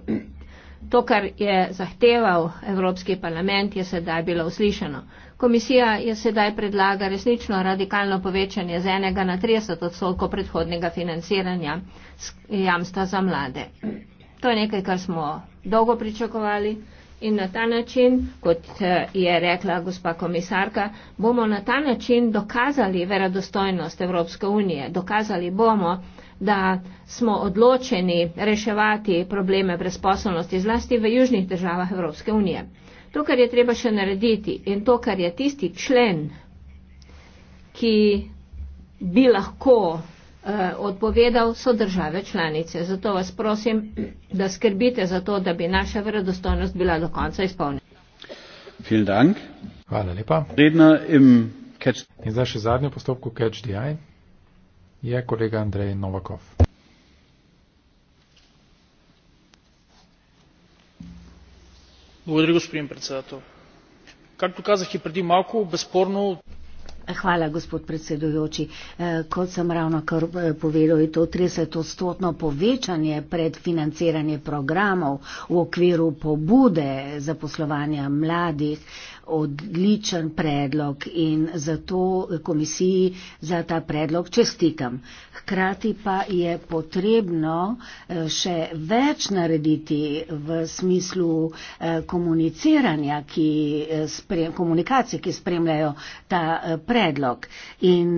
to, kar je zahteval Evropski parlament, je sedaj bilo uslišeno. Komisija je sedaj predlaga resnično radikalno povečanje z enega na 30 odstotkov predhodnega financiranja jamstva za mlade. To je nekaj, kar smo dolgo pričakovali in na ta način, kot je rekla gospa komisarka, bomo na ta način dokazali verodostojnost Evropske unije. Dokazali bomo, da smo odločeni reševati probleme brezposobnosti, zlasti v južnih državah Evropske unije. To, kar je treba še narediti in to, kar je tisti člen, ki bi lahko eh, odpovedal so države članice. Zato vas prosim, da skrbite za to, da bi naša verodostojnost bila do konca izpolnjena. Hvala lepa. In zdaj še zadnje postopko Catch the Eye je kolega Andrej Novakov. Благодаря, господин председател. Както казах и преди малко, безспорно. Hvala, gospod predsedujoči. Kot sem ravno kar povedal, je to 30-odstotno povečanje predfinanciranje programov v okviru pobude za poslovanje mladih, odličen predlog in zato komisiji za ta predlog čestitam. Hkrati pa je potrebno eh, še več narediti v smislu eh, komuniciranja, ki eh, sprem, komunikacije, ki spremljajo ta predlog. In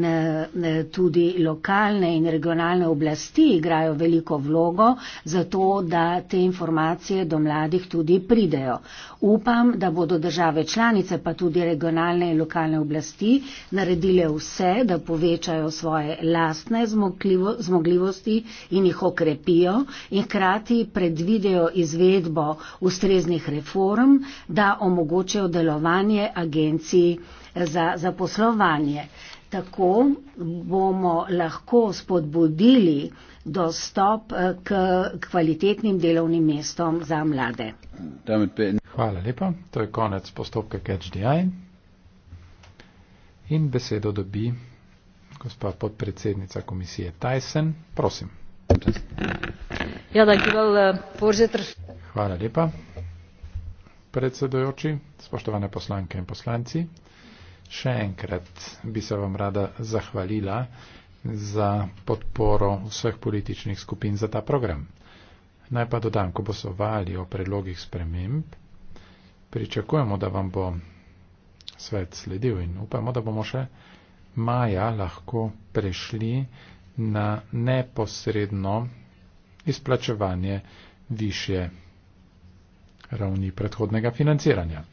tudi lokalne in regionalne oblasti igrajo veliko vlogo za to, da te informacije do mladih tudi pridejo. Upam, da bodo države člani članice pa tudi regionalne in lokalne oblasti naredile vse, da povečajo svoje lastne zmogljivo, zmogljivosti in jih okrepijo in hkrati predvidejo izvedbo ustreznih reform, da omogočajo delovanje agencij eh, za zaposlovanje. Tako bomo lahko spodbudili dostop eh, k kvalitetnim delovnim mestom za mlade. Hvala lepa. To je konec postopka CatchDI. In besedo dobi gospa podpredsednica komisije Tyson. Prosim. Ja, dankjewel, eh, voorzitter. Hvala lepa, predsedojoči, spoštovane poslanke in poslanci. Še enkrat bi se vam rada zahvalila za podporo vseh političnih skupin za ta program. Naj pa dodam, ko bo so vali o predlogih sprememb, pričakujemo, da vam bo svet sledil in upamo, da bomo še maja lahko prešli na neposredno izplačevanje više ravni predhodnega financiranja.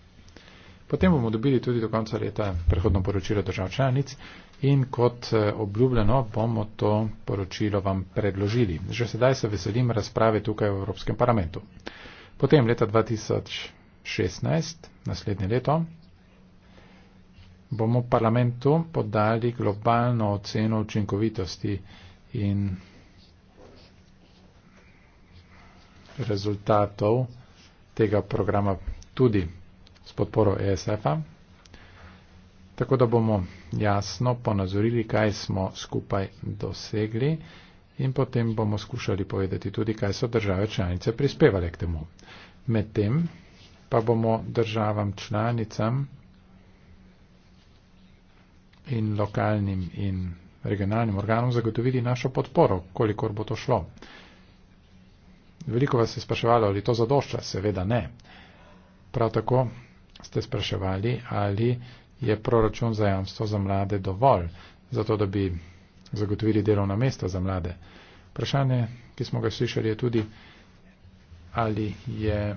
Potem bomo dobili tudi do konca leta prehodno poročilo držav članic in kot eh, obljubljeno bomo to poročilo vam predložili. Že sedaj se veselim razprave tukaj v Evropskem parlamentu. Potem leta 2016, naslednje leto, bomo parlamentu podali globalno oceno učinkovitosti in rezultatov tega programa tudi s podporo ESF-a, tako da bomo jasno ponazorili, kaj smo skupaj dosegli in potem bomo skušali povedati tudi, kaj so države članice prispevale k temu. Medtem pa bomo državam članicam in lokalnim in regionalnim organom zagotovili našo podporo, kolikor bo to šlo. Veliko vas je spraševalo, ali to zadošča, seveda ne. Prav tako ste spraševali, ali je proračun za jamstvo za mlade dovolj, zato da bi zagotovili delovna mesta za mlade. Vprašanje, ki smo ga slišali, je tudi, ali je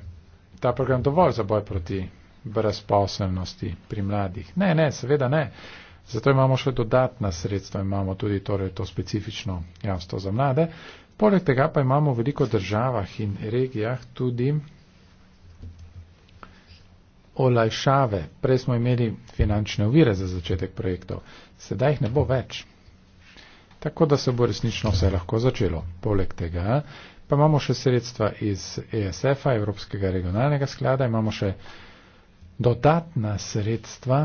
ta program dovolj za boj proti brezposelnosti pri mladih. Ne, ne, seveda ne. Zato imamo še dodatna sredstva, imamo tudi torej to specifično jamstvo za mlade. Poleg tega pa imamo v veliko državah in regijah tudi olajšave. Prej smo imeli finančne uvire za začetek projektov, sedaj jih ne bo več. Tako da se bo resnično vse lahko začelo. Poleg tega pa imamo še sredstva iz ESF-a, Evropskega regionalnega sklada, imamo še dodatna sredstva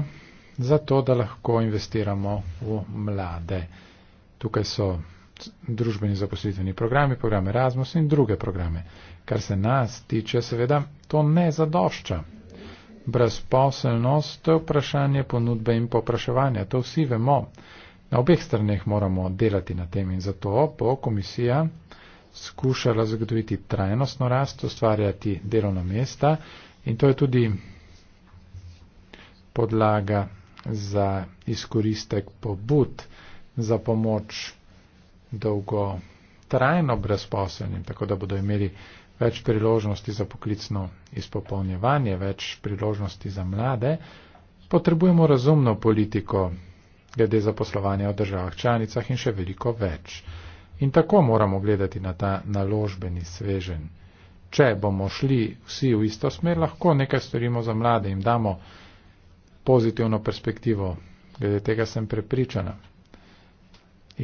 za to, da lahko investiramo v mlade. Tukaj so družbeni zaposlitveni programi, programe Erasmus in druge programe. Kar se nas tiče, seveda, to ne zadošča brezposelnost, to je vprašanje ponudbe in popraševanja. To vsi vemo. Na obeh straneh moramo delati na tem in zato bo komisija skušala zagotoviti trajnostno rast, ustvarjati delovna mesta in to je tudi podlaga za izkoristek pobud za pomoč dolgotrajno brezposelnim, tako da bodo imeli več priložnosti za poklicno izpopolnjevanje, več priložnosti za mlade, potrebujemo razumno politiko glede zaposlovanja v državah članicah in še veliko več. In tako moramo gledati na ta naložbeni svežen. Če bomo šli vsi v isto smer, lahko nekaj storimo za mlade in damo pozitivno perspektivo. Glede tega sem prepričana.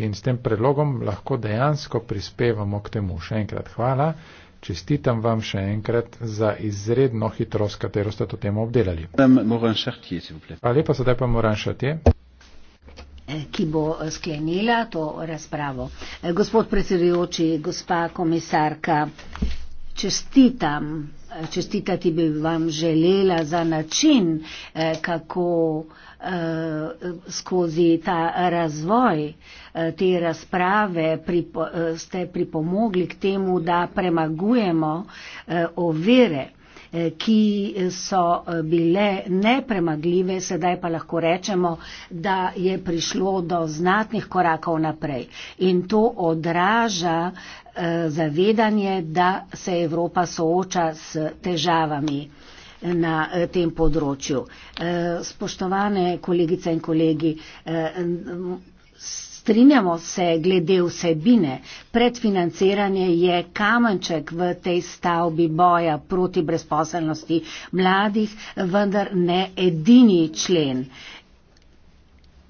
In s tem predlogom lahko dejansko prispevamo k temu. Še enkrat hvala. Čestitam vam še enkrat za izredno hitrost, katero ste to temo obdelali. Hvala lepa, sedaj pa moram šati. Eh, ki bo eh, sklenila to razpravo. Eh, gospod predsedujoči, gospa komisarka, čestitam, čestitati bi vam želela za način, kako Eh, skozi ta razvoj eh, te razprave pripo, eh, ste pripomogli k temu, da premagujemo ovire, ki so bile nepremagljive, sedaj pa lahko rečemo, da je prišlo do znatnih korakov naprej. In to odraža zavedanje, da se Evropa sooča s težavami na eh, tem področju. Eh, spoštovane kolegice in kolegi, eh, strinjamo se glede vsebine. Predfinanciranje je kamenček v tej stavbi boja proti brezposelnosti mladih, vendar ne edini člen.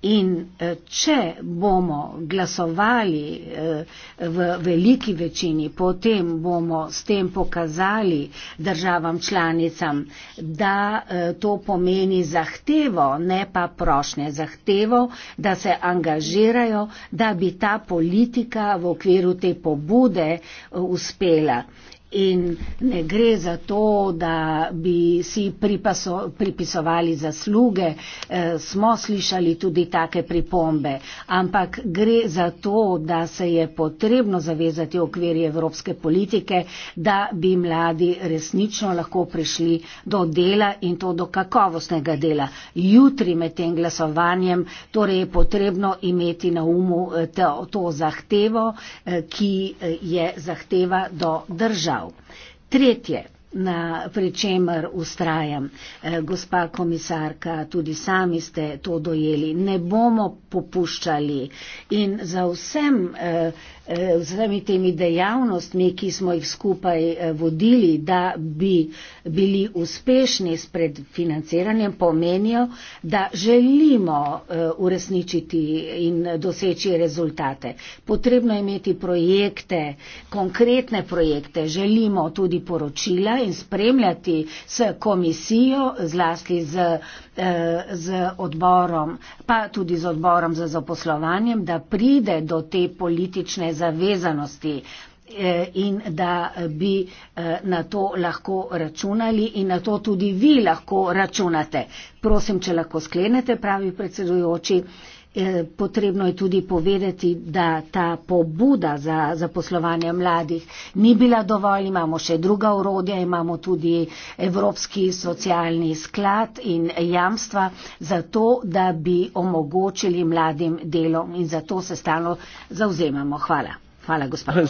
In eh, če bomo glasovali eh, v veliki večini, potem bomo s tem pokazali državam članicam, da eh, to pomeni zahtevo, ne pa prošnje, zahtevo, da se angažirajo, da bi ta politika v okviru te pobude uspela. In ne gre za to, da bi si pripaso, pripisovali zasluge, e, smo slišali tudi take pripombe, ampak gre za to, da se je potrebno zavezati okvirje evropske politike, da bi mladi resnično lahko prišli do dela in to do kakovostnega dela. Jutri med tem glasovanjem torej je potrebno imeti na umu eh, to, to zahtevo, eh, ki je zahteva do držav držav. Tretje, na prečemer ustrajam, eh, gospa komisarka, tudi sami ste to dojeli, ne bomo popuščali in za vsem eh, Eh, vsemi temi dejavnostmi, ki smo jih skupaj eh, vodili, da bi bili uspešni s predfinanciranjem, pomenijo, da želimo eh, uresničiti in doseči rezultate. Potrebno je imeti projekte, konkretne projekte, želimo tudi poročila in spremljati s komisijo, zlasti z Eh, z odborom, pa tudi z odborom za zaposlovanjem, da pride do te politične zavezanosti eh, in da bi eh, na to lahko računali in na to tudi vi lahko računate. Prosim, če lahko sklenete, pravi predsedujoči. Eh, potrebno je tudi povedati, da ta pobuda za zaposlovanje mladih ni bila dovolj, imamo še druga urodja, imamo tudi Evropski socialni sklad in jamstva za to, da bi omogočili mladim delom in za to se stalno zauzemamo. Hvala. Hvala, gospod.